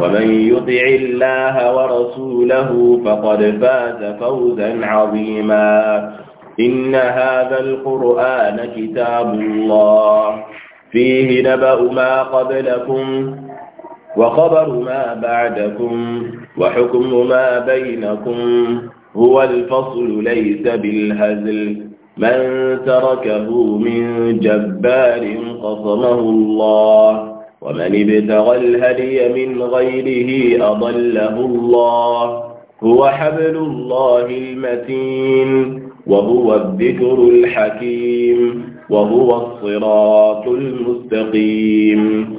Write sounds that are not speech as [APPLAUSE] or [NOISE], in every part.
ومن يطع الله ورسوله فقد فاز فوزا عظيما إن هذا القرآن كتاب الله فيه نبأ ما قبلكم وخبر ما بعدكم وحكم ما بينكم هو الفصل ليس بالهزل من تركه من جبار قصمه الله ومن ابتغى الهدي من غيره أضله الله هو حبل الله المتين وهو الذكر الحكيم وهو الصراط المستقيم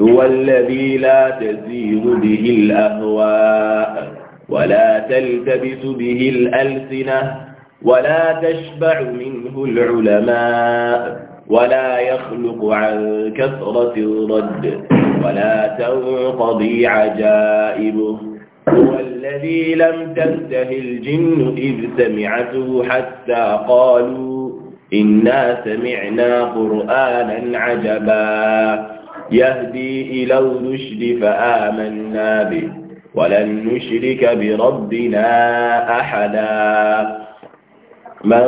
هو الذي لا تزيغ به الأهواء ولا تلتبس به الألسنة ولا تشبع منه العلماء ولا يخلق عن كثرة الرد ولا تنقضي عجائبه هو الذي لم تنته الجن إذ سمعته حتى قالوا إنا سمعنا قرآنا عجبا يهدي إلى الرشد فآمنا به ولن نشرك بربنا أحدا من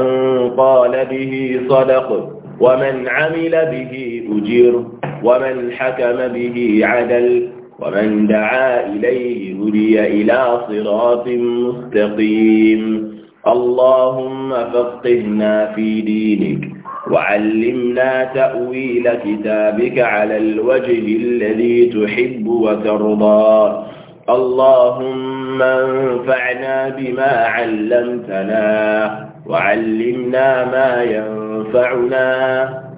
قال به صدق ومن عمل به أجير ومن حكم به عدل ومن دعا إليه هدي إلى صراط مستقيم اللهم فقهنا في دينك وعلمنا تأويل كتابك على الوجه الذي تحب وترضى اللهم انفعنا بما علمتنا وعلمنا ما ينفعنا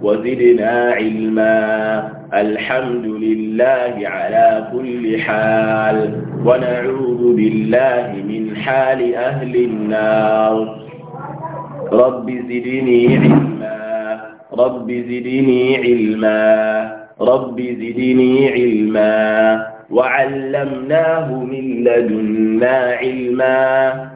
وزدنا علما الحمد لله على كل حال ونعوذ بالله من حال أهل النار رب زدني علما رب زدني علما رب زدني علما وعلمناه من لدنا علما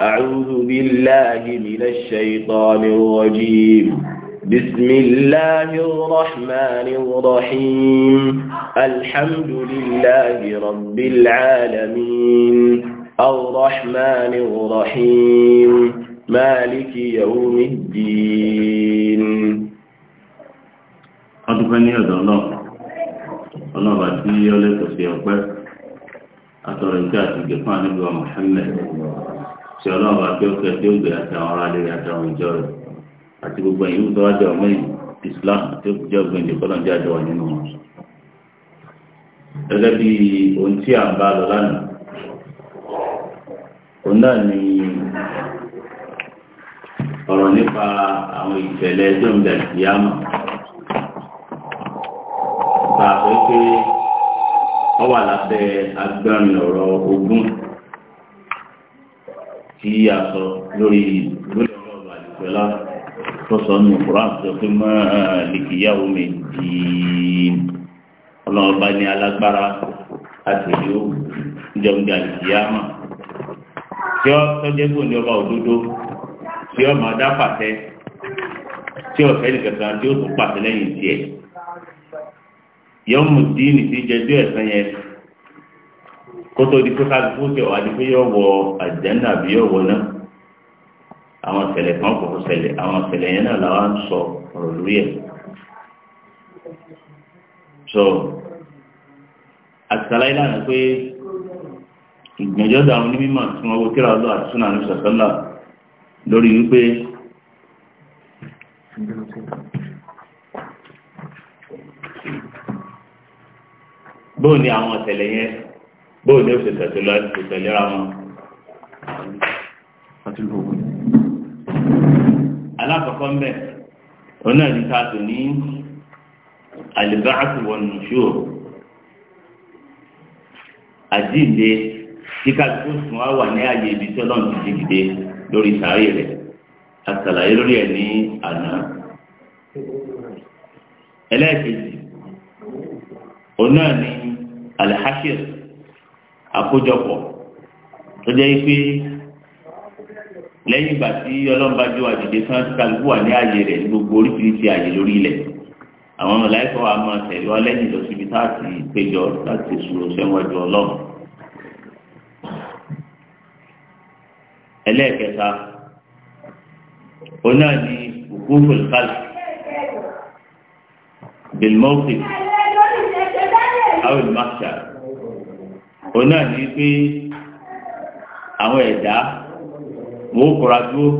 أعوذ بالله من الشيطان الرجيم بسم الله الرحمن الرحيم الحمد لله رب العالمين الرحمن الرحيم مالك يوم الدين أدفني هذا الله الله بأتي يولي تسير بك أترى إنك أتجفاني بها محمد tí ọlọ́run bá gbé ọkọ ẹgbẹ́ ògbé àti àwọn ará lórí àtàwọn ìjọ rẹ̀ àti gbogbo ẹ̀yìn tó wájú ọmọ yìí Islam tó jẹ́ ọgbìn ìdè kọ́lọ́n jáde wà nínú wọn. gẹ́gẹ́ bí ohun tí à ń bá lọ lánàá òun náà ni ọ̀rọ̀ nípa àwọn ìṣẹ̀lẹ̀ ẹjọ́ ìgbà ìyáàmà gbà pé pé ọ wà lábẹ́ agbẹ́rin ọ̀rọ̀ ogún tí a sọ lórí lórí ọlọ́ọ̀bà àdìpẹ́lá tó sọ nù kúrán sọ pé mọ́ àlìkìyàwó méjì ọlọ́ọ̀bá ní alágbára àtẹ̀lé ó jẹunjẹ àlìkìyàmà tí ó tọ́jẹ́ kó ní ọba òdodo tí ó máa dá pàtẹ tí ọ̀fẹ́ nìkẹ̀kẹ́ tí ó tún pàtẹ lẹ́yìn tiẹ̀ yọmùdí nìtí jẹjọ́ ẹ̀sán yẹn kótó di pé kálukú tẹ wá di pé yọ wọ àjẹnà àbí yọ wọ náà àwọn ìṣẹ̀lẹ̀ kan kò ṣẹlẹ̀ àwọn ìṣẹ̀lẹ̀ yẹn náà làwọn ń sọ ọ̀rọ̀ lórí ẹ̀ so àtàlà ìlànà pé ìgbẹ́jọ́ dàrún ní mímọ̀ tí wọ́n wo kíra ọlọ́ àti ní sọ̀tọ́lá lórí wípé bóò ni àwọn ìṣẹ̀lẹ̀ yẹn bóò ní oṣù tẹ̀sí lọ ẹ̀sì tẹ̀lera wọn. alákọ̀ọ́kọ́ ń bẹ̀ òun náà ní káàtó ní àlìbáàtì wọn nùṣó àjíǹde kíkà tó sùn wá wà ní ààyè ibi tí ọlọ́run ti dìde lórí sàárè rẹ̀ àtàlàyé lórí ẹ̀ ní àná. ẹlẹ́ẹ̀kejì òun ní alhashir àkójọpọ̀ tó jẹ́ pé lẹ́yìn ìgbà tí ọlọ́mọba jó àdìdè fún kálukú wà ní ààyè rẹ̀ ní gbogbo oríṣiríṣi ààyè lórí ilẹ̀ àwọn mọ̀láìkọ́ wa máa tẹ̀lé wa lẹ́yìn lọ síbi táàtì péjọ láti sùúrù sẹ́wọ́jú ọlọ́run. ẹlẹ́ẹ̀kẹta oná ni òkú fòlùkálì bèlmọ́ọ̀kì àwọn òun náà ní pé àwọn mo wọn ó kọra dúró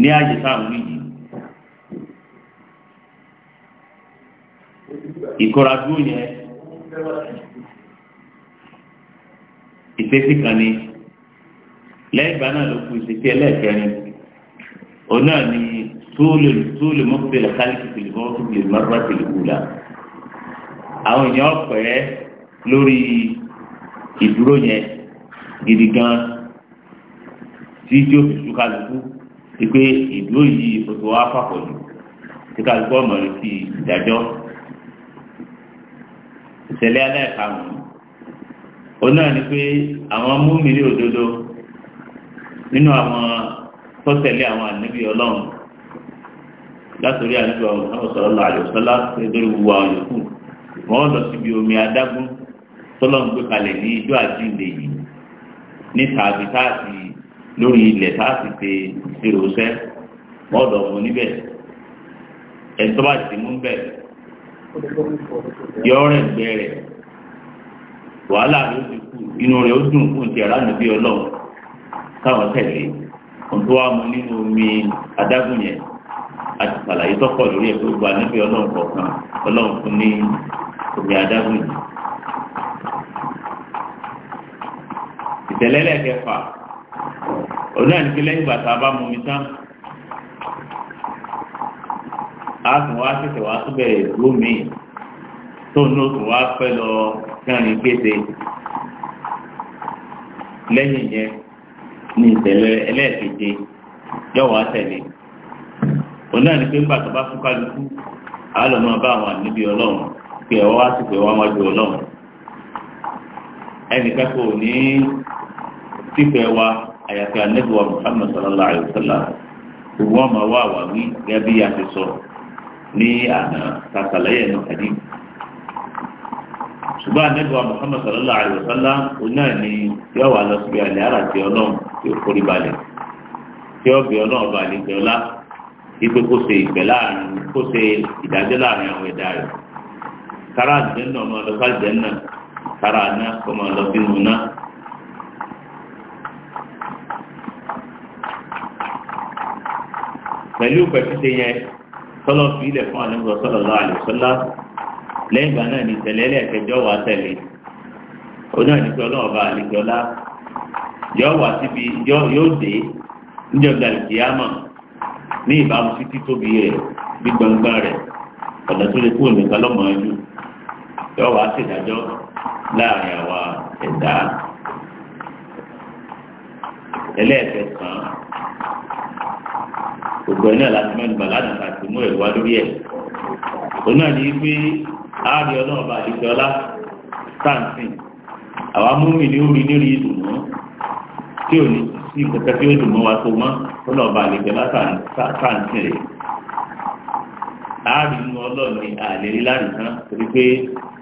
ní àyè táwọn yìí ìkọra dúró yẹn ìṣesí kan ni lẹ́yìn ìgbà náà ló kù ìṣesí ẹlẹ́ẹ̀kẹrin òun náà ni tóòlù tóòlù mọ́tò lẹ́kálíkì tìlùmọ́tò lè mọ́tò tìlùmọ́tò àwọn èèyàn ọ̀pẹ́ lórí ìdúró yẹn gidi gan tí tí ó fi tú kálukú pé ìdúró yìí oṣù wa fàpọ̀jù tí kálukú ọ̀nà rẹ̀ sí ìdájọ́ ìṣẹ̀lẹ̀ aláìkarùn-ún onáà ni pé àwọn múmìnir òdodo nínú àwọn tọ́tẹ̀lé àwọn ànábì ọlọ́run látòrí ànábì ọlọ́run sọ̀rọ̀ lọ́wọ́ àlùsọ́lá ṣe lórí gbogbo àwọn yòókù wọ́n lọ síbi omi adágún tọ́lọ́ ń gbé kalẹ̀ ní ijó àjíǹde yìí ní tàbí táàsì lórí ilẹ̀ táàsì pé ìrọ̀ṣẹ́ ọ̀dọ̀ ọ̀hún níbẹ̀ ẹ̀tọ́ bá ti mú bẹ̀ yọ rẹ̀ gbẹ rẹ̀ wàhálà ló ti kú inú rẹ̀ ó dùn fún ti aráàlú bí ọlọ́run káwọn tẹ̀lé ohun tó wá mu nínú omi adágún yẹn àti sàlàyé tọ́pọ̀ lórí ẹ̀ tó gba níbi ọlọ́run kọ̀ọ̀kan ọlọ́run fún ní omi adágún yìí. ìtẹ̀lẹ́lẹ̀ kẹfà òun lẹ́yìn ìgbà tá a bá mú mi tán a tún wá tètè wá tó bẹ̀rẹ̀ mi tó ní o wá fẹ́ lọ kẹrin kéde lẹ́yìn yẹn ní ìtẹ̀lẹ́ a lọ máa bá àwọn àníbi ọlọ́run pé pé wọ́n sífẹ̀ẹ́ wa àyàfi anẹ́gbẹ̀wá Muhammad sallallahu alayhi wa sallam ìwọ́n máa wá wà wí gẹ́gẹ́ bí a ti sọ ní àná kàkàlẹ́yẹ̀ náà kàdí. ṣùgbọ́n anẹ́gbẹ̀wá Muhammad sallallahu alayhi wa sallam oná ni yọ wà lọ síbi àlẹ́ ara ti ọlọ́run tí ó forí balẹ̀ tí ó bẹ̀ ọlọ́run bá lè bẹ̀ ọlá ipe kó ṣe ìgbẹ́ láàrin kó ṣe ìdájọ́ láàrin àwọn ẹ̀dá rẹ̀ kára àdìjẹ́ náà ọmọ ọlọ́kọ̀ àdìjẹ́ náà kára àná ọmọ ọlọ́bí mu náà pẹ̀lú pẹ̀síte yẹn sọ́lọ́ fi ilẹ̀ fún àlẹ́mọ̀ sọ́lọ́ àlùsọ́lá lẹ́yìn ìgbà náà ní tẹ̀lé ẹlẹ́ẹ̀kẹjọ́ wà tẹ̀lé oní àdìgbò ọlọ́ọ̀bá àlejòlá yóò wà síbi yóò dé níjọba ìkìyàmọ̀ ní ìbámu sí títóbi rẹ̀ bí gbangba rẹ̀ ọ̀nà tó lè kú òmìnira lọ́mọ ẹjú yóò wá ṣèdájọ́ láàrin àwa ẹ̀dá ẹlẹ́ẹ̀kẹsàn gbogbo ẹ̀ náà láti mẹ́nu bàlá nàkà ti mú ẹ̀rù wá lórí ẹ̀ òun náà ní pé ààrẹ ọlọ́run bá àdìsí ọlá sáǹsìn àwa mú mi ní orí nírí ìdùnnú tí ò ní sí kẹkẹ tí ó dùn mọ́ wa tó mọ́ ọlọ́run bá àdìsí ọlá sáǹsìn rẹ̀ láàrin inú ọlọ́ọ̀ni àlérí láàrin tán torí pé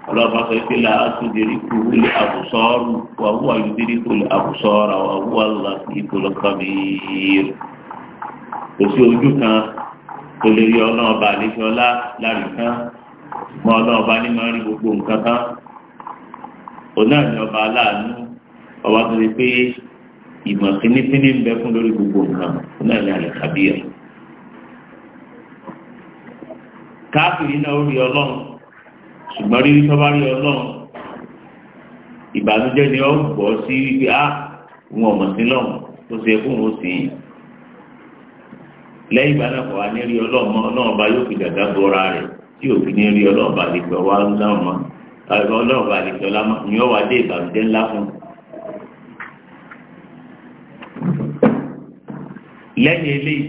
ọlọ́ọ̀bá sọ pé la asúndérí kú lé àbùsọ́ọ̀rù wàhùwà yóò dérí kú lé àbùsọ́ọ̀rù wàhùwà lọ́sí ìkọlọ́kọ́ bíi kò sí ojú kan tó lè rí ọlọ́ọ̀ba àlejò ọlá lárí kan mọ ọlọ́ọ̀ba ní máa ń rí gbogbo nǹkan kan òun náà ní ọba aláàánú ọba tó lè pé ìmọ̀ fínífíní ń bẹ fún lórí gbogbo nǹkan òun náà ní àlẹ́ kábíyà. káàkiri náà ó rí ọlọ́run ṣùgbọ́n rírí tó bá rí ọlọ́run ìbànújẹ́ ni ó gbọ́ sí wípé á ah, wọn ò mọ̀ sí lọ́run tó ṣe fún òun sí i. lẹ́yìn ìgbà náà kò wá ní rí ọlọ́mọ yóò fi dàgbà bọ́ra rẹ̀ tí ò fi ní rí ọlọ́ọ̀ba àdìpẹ́ wá láwọn ọlọ́ọ̀ba àdìpẹ́ lámọ́ ni ó wá dé ìbànújẹ́ ńlá fún. lẹ́yìn eléyìí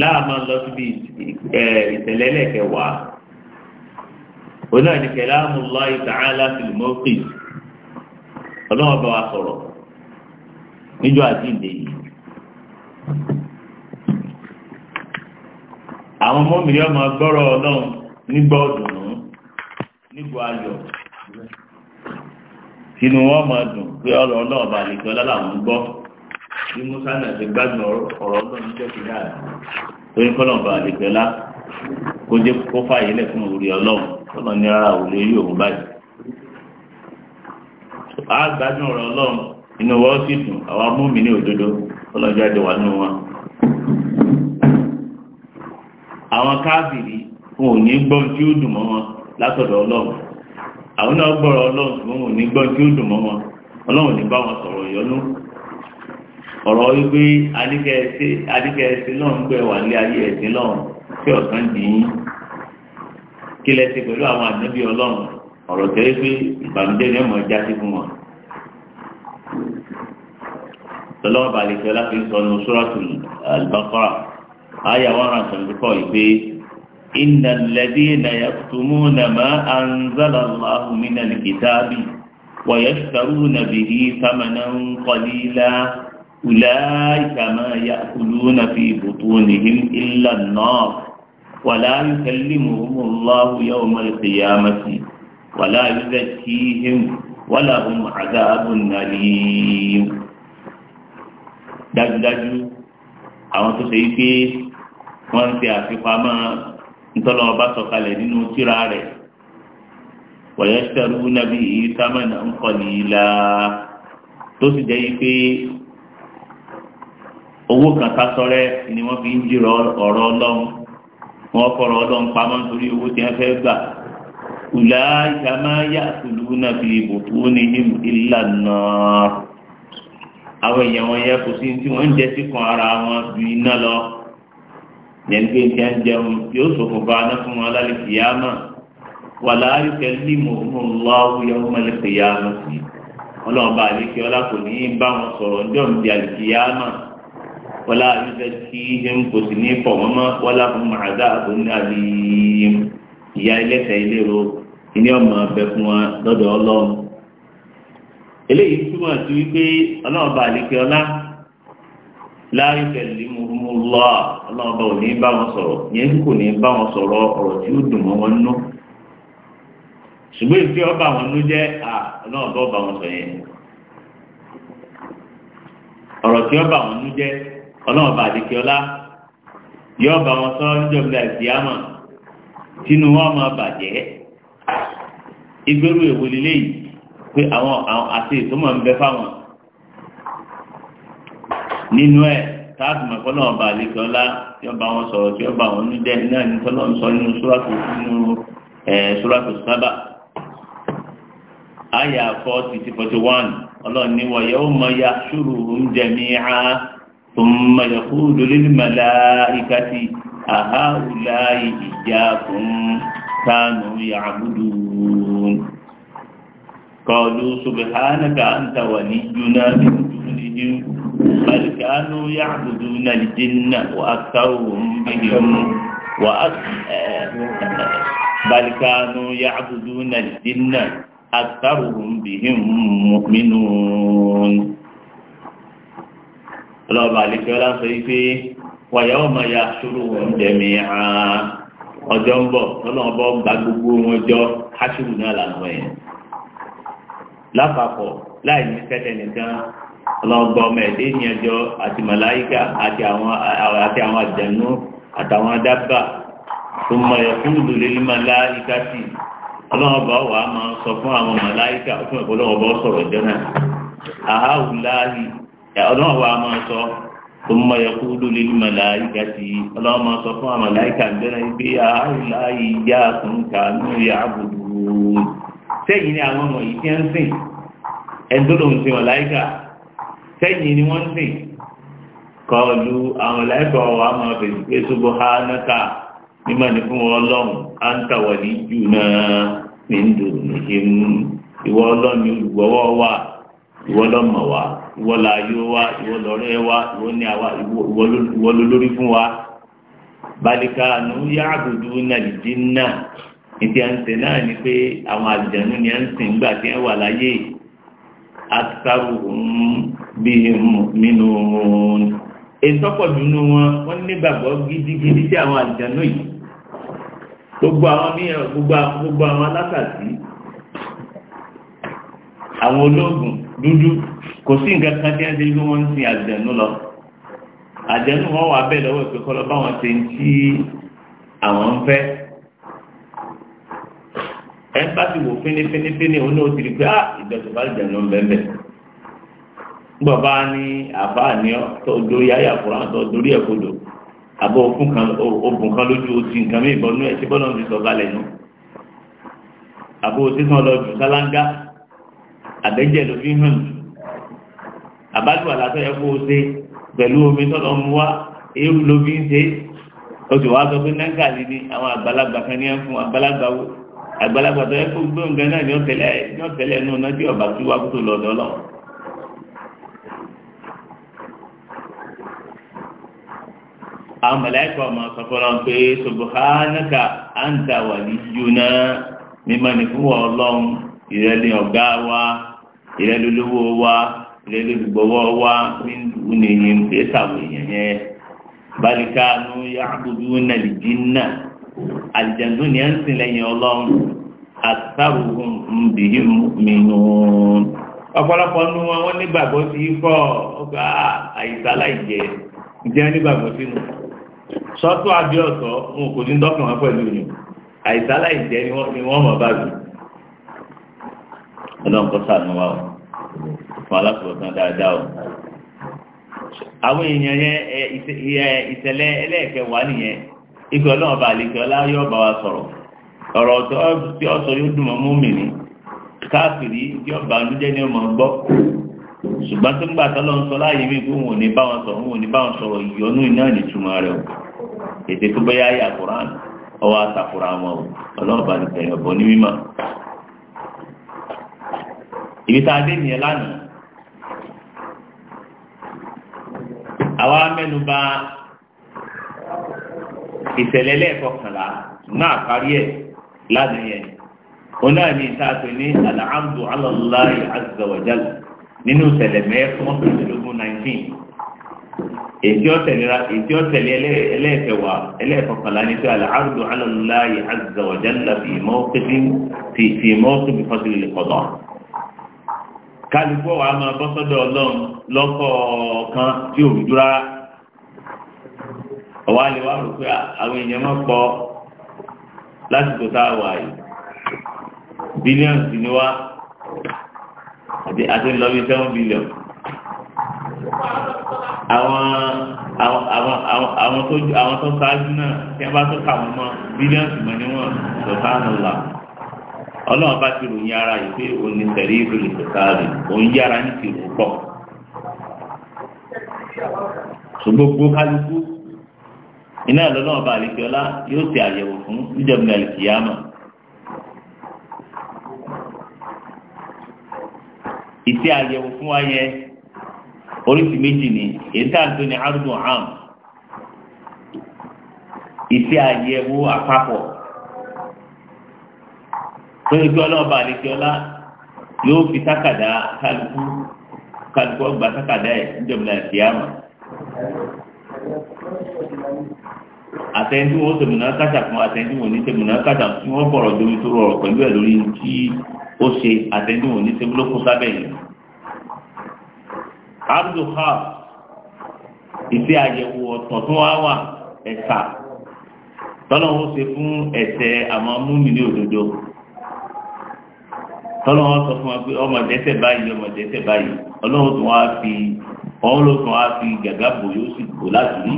láàmú lọ síbi ìtẹ̀lẹ́ ẹlẹ́kẹwàá onáà ní wa sọ̀rọ̀ níjọ́ yìí. àwọn ọmọ mi yọ gbọ́rọ̀ ọlọ́run nígbà ọ̀dùnnú nígbà ayọ̀ sínú wọn ma dùn pé ọ̀rọ̀ ọlọ́run bá nìkan láláwọn ń gbọ́ bí musa náà ti gbádùn ọ̀rọ̀ ọlọ́run níjọ́ jẹ́ kó fún ọlọ́run ní ara òun a gbádùn ọ̀rọ̀ ọlọ́run inú wọn sì dùn àwọn amúmi ní àwọn káàbìrì wọn ò ní gbọ́ tí ó dùn mọ́ wọn látọ̀dọ̀ ọlọ́run àwọn náà gbọ́rọ̀ ọlọ́run ṣùgbọ́n gbọ́ tí ó dùn mọ́ wọn ọlọ́run ní bá wọn sọ̀rọ̀ ìyọnú ọ̀rọ̀ wípé adíkẹ́ẹ̀sì náà ń gbẹ wà lé ayé ẹ̀sìn náà tí ọ̀sán kí pẹ̀lú àwọn àyà one hundred seventy four yìí pé inna alladhina yaktumuna ma anzala Allahu min al-kitabi wa yashtaruna bihi thamanan qalila أولئك ما يأكلون في بطونهم إلا النار ولا يكلمهم الله يوم القيامة ولا يزكيهم ولهم na أليم dájúdájú àwọn tó ṣe pé wọ́n ń ṣe àfipamọ́ ntọ́lọ́ ọba sọ̀kalẹ̀ nínú tírà rẹ̀ wọ̀yẹ́sẹ̀rú nàbí ìtàmánà ńkọ̀ nìyílá tó sì jẹ́ yí pé owó kan ká sọ́rẹ́ ni wọ́n fi ń jìrọ̀ ọ̀rọ̀ ọlọ́run wọ́n kọ̀rọ̀ ọlọ́run pamọ́ nítorí owó tí wọ́n fẹ́ gbà ìlà ìjàmá yàtùlú nàbí ìbòtú ní ìlànà àwọn èèyàn wọn yẹ kò sí tí wọ́n ń jẹ́ sí kan ara wọn ju iná lọ. yẹn pé nǹkan jẹun yóò sọ̀kò bá aná fún wọn lálẹ́ kìyàmà wà láàyè kẹ́lí mọ̀mọ́láwù yẹwò mẹ́lẹ́ kìyàmà sí ọlọ́ọ̀bá àdékè ọlá kò ní í bá wọn sọ̀rọ̀ ọjọ́ ìdí àlìkìyàmà wọ́n láàyè fẹ́ kí láàyè pẹ̀lú mùmúlá ọlọ́ọ̀bá ò ní bá wọn sọ̀rọ̀ yẹn kò ní bá wọn sọ̀rọ̀ ọ̀rọ̀ tí ó dùn mọ́ wọn nú ṣùgbọ́n ìfẹ́ ọba wọn nú jẹ́ ọlọ́ọ̀bá ọba wọn sọ yẹn ọ̀rọ̀ tí ọba wọn nú jẹ́ ọlọ́ọ̀bá àdìkíọ́lá yọ ọba wọn sọ níjọba ìdíyàmọ̀ tínú wọn máa bàjẹ́ ìgbérú èwo lélẹ́yìí pé àwọn àti ìtọ́mọ̀ ń bẹ fáwọn. nínú ẹ̀ táàbù mọ̀kọ́lọ́ ọba àlejò ọlá tí ó bá wọn sọ̀rọ̀ tí ó bá wọn ní dẹ́ náà ní tọ́lọ́ sọ nínú súrátù nínú súrátù sábà àyà forty to forty one ọlọ́run ní wa مفلحين بل كانوا يعبدون الجن وأكثرهم بهم وأك... بل كانوا يعبدون الجن أكثرهم بهم مؤمنون ya ọlọ́ọ̀bọ̀ gba gbogbo wọn jọ káṣíwù náà làwọn yẹn lápapọ̀ láì ní kẹ́tẹ́ nìkan ọlọ́gbọ́ ọmọ ẹ̀dẹ́ ìyẹnjọ́ àti malaika àti àwọn àjẹnú àtàwọn adábà tó mọ ẹ̀kú lórí màláíkà sí ọlọ́ọ̀bọ̀ wà máa sọ fún àwọn fún ẹ̀kọ́ sọ̀rọ̀ náà sọ sọ fún àwọn malaika jẹ́ náà pé àháwùláàrí yá àtúnkà ọmọ sẹ́yìn ni wọ́n sìn kọlu àwọn láìpẹ́ ọ̀wọ́ àmọ́ fèsì pé ṣubú ha náka nígbà ní fún wọn lọ́hùn á ń tàwọ̀ ní jù náà ní ń dùn ní ṣe ń ìwọ ọlọ́ni olùgbọ́wọ́ wa ìwọ lọ́mọ wa ìwọ láàyò wa ìwọ lọ́rẹ́ wa ìwọ ní àwa ìwọ lólórí fún wa balika nu yaabudu nàìjíríà ìdí à ń sìn náà ni pé àwọn àlùjànnú ni à ń sìn gbà tí wọ́n wà láyé yìí akitaruhum bihim mu'minun ìtọ́pọ̀jù nínú wọn wọ́n nígbàgbọ́ gidigidi sí àwọn àjànú yìí gbogbo àwọn ní gbogbo àwọn alásàtì àwọn ológun dúdú kò sí nǹkan kan tí wọ́n ti rí wọ́n ń sin àjànú lọ àjànú wọn wà bẹ́ẹ̀ lọ́wọ́ ìpẹ́kọ́ lọ báwọn ṣe ń tí àwọn ń fẹ́ ẹnfàsì wò fínífínífíní òun náà ti rí pé á ah, ìbẹ̀tọ̀ bá jẹ̀ lọ bẹ́ẹ̀ gbọ̀bá ní àbá ní ọ tó dorí ayé àkùrá tó dorí ẹ̀ kodò àbọ̀ òfun kan òbùn kan lójú oṣù nǹkan mi ìbọnú ẹ̀ tí bọ́lá ń fi sọ balẹ̀ nù àbọ̀ òṣìṣàn lọ jù sálángá àbẹ́jẹ̀ ló fi hàn jù àbálùwà látọ̀ yẹ kó o ṣe pẹ̀lú omi tọ́lọ́ mu wá eérú ló fi ń ṣe oṣù wa sọ pé náǹkà lè ní àwọn àgbàlagbà kan ní ẹ̀ fún àgbàlagbà àgbàlagbà tó yẹ kó gbóhùn gan náà ni ó tẹ̀lé ní ó tẹ̀lé ẹnu ọ̀nà tí ọba tí wàá kótó lọ́dọ̀ lọ. àwọn mọ̀láìkà ọmọ sọ̀kọ́lọ́ pé subhanaka anta waliyuna mímọ́ ni fún wọn ọlọ́run ìrẹ́lẹ̀ ọ̀gá wa ìrẹ́lẹ̀ olówó wa ìrẹ́lẹ̀ olùgbọ́wọ́ wa nínú nìyí ń pèsè àwọn èèyàn yẹn balika nu ya'buduna al e ni ẹ̀ ń sìn lẹ́yìn ọlọ́run àtàrùhùn bìí mìíràn ọ̀pọ̀lọpọ̀ nu wọn wọ́n nígbàgbọ́ sí ọgbà nígbàgbọ́ sínú sọ́tún kò ní dọ́kàn wọn pẹ̀lú ni wọ́n mọ̀ báyìí ọlọ́run kọ́ sàánú wa o fún alákòótán dáadáa o àwọn èèyàn yẹn ìṣẹ̀lẹ̀ nìyẹn ikọ̀ náà bá àlekè ọlá bá wa sọ̀rọ̀ ọ̀rọ̀ tí ó sọ yóò mú mi ní káàkiri tí ó bá ọmọ gbọ́ ṣùgbọ́n ń gbà tọ́lọ́ ń sọ ní bá sọ̀rọ̀ ní sọ̀rọ̀ ìyọnú iná rẹ̀ o ètè tó bẹ́yà yà kúrán ọwọ́ àtàkùrà wọn o ọlọ́ọ̀bá ní ní ibi tá a dé nìyẹn lánàá àwa ìṣẹ̀lẹ̀ lẹ́ẹ̀kọkànlá náà parí ẹ̀ lánàá yẹn ọ̀nà ní ìtaàtò ní alhamdu alalayi azza wa jal nínú ìṣẹ̀lẹ̀ mẹ́ẹ̀kọ́ ìṣẹ̀lógún 19 èyí ọ̀tẹ̀lẹ̀ ẹlẹ́ẹ̀kẹwà ẹlẹ́ẹ̀kọkànlá ní pé alhamdu alalayi azza wa jal fi mọ́ọ́kì bí fọ́sílì lè kọ́dọ̀ kálukọ́ wa máa bọ́ sọ́dọ̀ ọlọ́run lọ́kọ̀ọ̀kan tí òwúdúrà ọwọ́ alẹ́ wa rò pé àwọn èèyàn máa pọ̀ lásìkò tá a wà yìí bílíọ̀nù sì ni wá àti àti ń lọ bí seven billion àwọn àwọn àwọn àwọn tó àwọn tó ṣáájú náà tí wọ́n bá tó kà wọ́n mọ́ bílíọ̀nù mọ́ ni wọ́n sọ sáànù là ọlọ́run bá ti ròyìn ara yìí pé òun ní sẹ̀rí ìròyìn sọ̀tàlì òun yára ní tìrù pọ̀ ṣùgbọ́n gbogbo kálukú iná ìlọ́lọ́wọ́ bá àlejòọ́lá yóò ṣe àyẹ̀wò fún níjọba àlìkìyàmà. ìṣe àyẹ̀wò fún wa yẹ oríṣi méjì ni èyí tá à ń tó ní arúgbó ham ìṣe àyẹ̀wò àpapọ̀ tó ní kí ọlọ́ọ̀bà àlejòọ́lá yóò fi tákàdá kálukú kálukú ọgbà tákàdá ẹ̀ níjọba àlìkìyàmà àtẹ̀yìn tí wọ́n ṣe múná kájà fún àtẹ̀yìn tí wọ́n ní ṣe múná kájà tí wọ́n bọ̀rọ̀ domi tó rọrọ̀ pẹ̀lú ẹ̀ lórí tí ó ṣe àtẹ̀yìn tí wọ́n ní ṣe ló kó sábẹ́ yìí. abdulhaf ìṣe àyẹ̀wò ọ̀tọ̀ tó wá wà ẹ̀ka tọ́lọ́wọ́ ṣe fún ẹ̀ṣẹ̀ àwọn múmìnì òdodo tọ́lọ́wọ́ sọ fún wa pé ọmọdé ẹ̀ṣẹ̀ báyìí ọmọdé ẹ̀ṣẹ̀ báyìí ọlọ́wọ́ tó wá fi ọ̀hún ló kàn fi gàgà bò yóò sì bò láti rí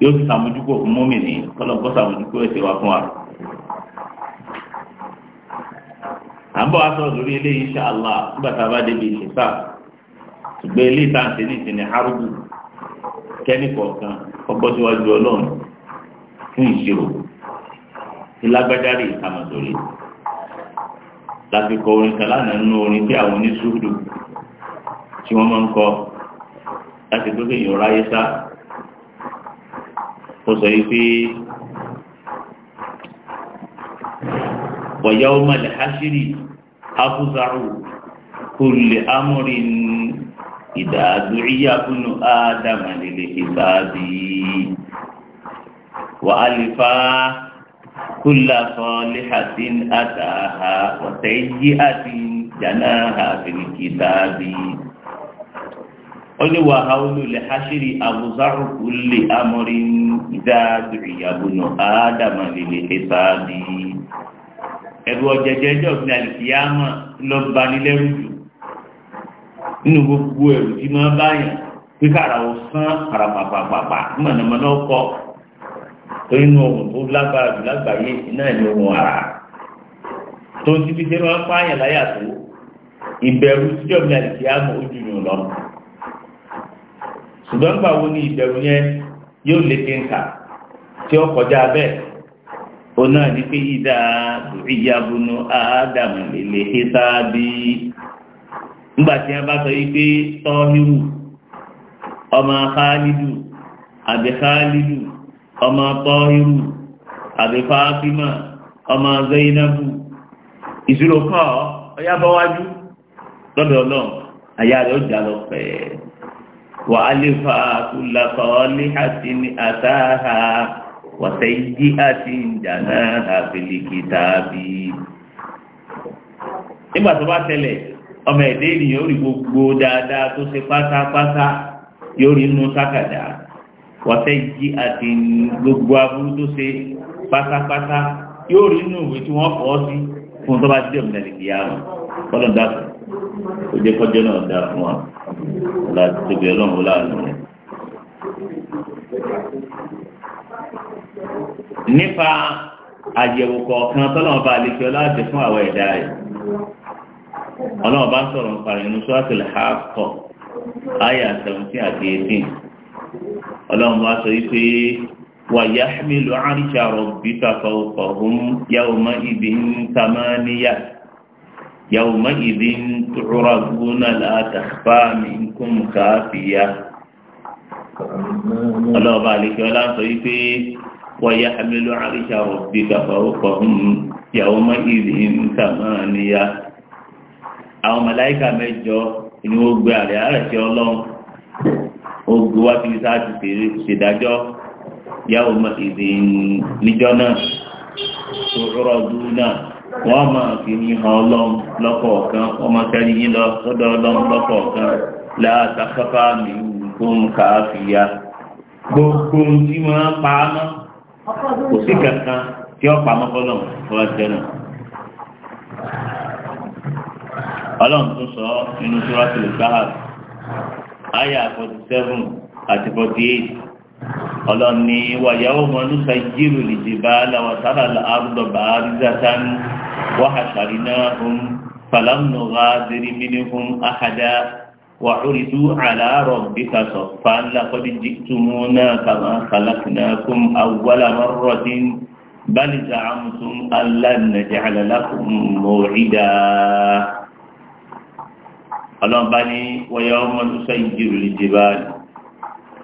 yóò sì sàmójúkò fún mọ́mìnì kọ́lọ́kọ́ sàmójúkò ẹ̀sẹ̀ wa fún wa. à ń bọ̀ wá sọ̀rọ̀ lórí eléyìí nígbà tá a bá débi ìṣẹ̀sà ṣùgbọ́n eléyìí tá à ń ṣe ní ìṣẹ̀ni ọgbọ́n ọlọ́run fún ìṣirò orin kan lánàá nínú orin tí wọ́n máa ń kọ láti tó kéèyàn ráyé sá ó sọ yìí pé wọ̀yá ó máa lè háṣírì afúzàrù kò lè amúrí ìdàdú ìyàbùnú ádámà nílé ìbáàbí wà á lè fa kúlà sọ́ọ́lẹ́hàtín àtàhà ọ̀tẹ̀ yí àti jànáhà fìlìkìtàbí oníwà haúlù lè háṣírí àbúzárù kulli amrin ìdáàbìrì àbùnà ádámà lè lè sáàbì ẹ̀rù ọ̀jẹ̀jẹ̀ ẹjọ́ ìpínlẹ̀ àlìkìyàmà lọ bá ní lẹ́rù jù nínú gbogbo ẹ̀rù tí máa báyàn pé kára ó sán ara pàpàpàpà mọ̀nàmọ́ná kọ́ torí inú ohun tó lágbára jù lágbàáyé náà ni ohun ara tó ń ti fi ṣe máa ń pààyàn láyà ìbẹ̀rù tíjọ́ ìpínlẹ̀ àlìkìyàmà ó jù ṣùgbọ́n gbà wo ni ìbẹ̀rù yẹn yóò lè fi ń kà tí ó kọjá bẹ́ẹ̀ o náà ní pé ìdá ìyàbùnú ádámù lè ké sáábì nígbà tí wọ́n bá sọ yìí pé tọ́hírù ọmọ khalidu àbí khalidu ọmọ tọ́hírù àbí fáfímà ọmọ zainabu ìṣirò kọ́ ọ ọyá bọ́wájú lọ́dọ̀ ọlọ́run àyà rẹ̀ ó jà lọ pẹ́ẹ́. وَأَلِفَ كُلَّ صالحة أتاها وسيئة جناها في الكتاب nígbà tó bá tẹ̀lẹ̀ ọmọ ẹ̀dẹ́ ènìyàn ó rí gbogbo dáadáa tó ṣe pátápátá yóò rí inú sákàdá wọ́tẹ́ jí àti gbogbo aburú tó ṣe pátápátá yóò rí inú ìwé tí wọ́n kọ sí fún tó bá jẹ́ òmìnirìkìyà rẹ̀ kọ́lọ̀ dáàbò òjé kọjọ́ náà dáa fún wa ọ̀la tóbi ọlọ́run ó láàánú rẹ̀. nípa àyẹ̀wò kọ̀ọ̀kan tọ́lọ́mọba àlejò láti fún àwọn ẹ̀dá rẹ̀ ọlọ́run bá sọ̀rọ̀ nípa ìrìnnú sọ́ọ́sì Haqqah àyà seventeen àti eighteen ọlọ́run wá sọ wípé wàyà mílò àríṣà rọ̀ bíkà fọwọ́fọ̀ fún yàwó mọ́ ibi ń tamá níyà. يومئذ تعرضون لا تخفى منكم خافية ọlọ́ọ̀bá àlekẹ́ ọlá ń sọ yí pé wọ́yá amílò àríṣà ọ̀bí kàfàwọ́kọ̀ yàwó mọ́ ìlú ìmúkàmánìyà àwọn màláíkà mẹ́jọ ni ó gbé àrẹ àrẹ̀ṣẹ́ ọlọ́run ó gbé wá síbi sáàtì ṣèdájọ́ yàwó mọ́ ìlú níjọ́ náà tó rọ́ọ̀dún náà wọ́n máa fi ní hàn ọlọ́run lọ́kọ̀ọ̀kan ọmọ tẹ́lẹ̀ yín lọ sọ́dọ̀ ọlọ́run lọ́kọ̀ọ̀kan láàtàkọ́fà mi tó ń kà á fi ya gbogbo tí wọ́n pa á mọ́ kò sí kankan tí ó pa mọ́kọ́lọ́ ọ̀rọ̀ tẹ́lẹ̀ ọlọ́run tó sọ nínú suratul Kahf àyà forty seven àti forty eight ọlọ́run ní wàyà ọmọ nùsà jìbá làwọn sábà làárúdọ̀ bàá وحشرناهم فلم نغادر منهم أحدا وعرضوا على ربك صفا لقد جئتمونا كما خلقناكم أول مرة بل زعمتم أن لن نجعل لكم موعدا ọlọ́run bá ní wọ́yọ̀ ọmọ lùsọ ìjìrì lè jìbá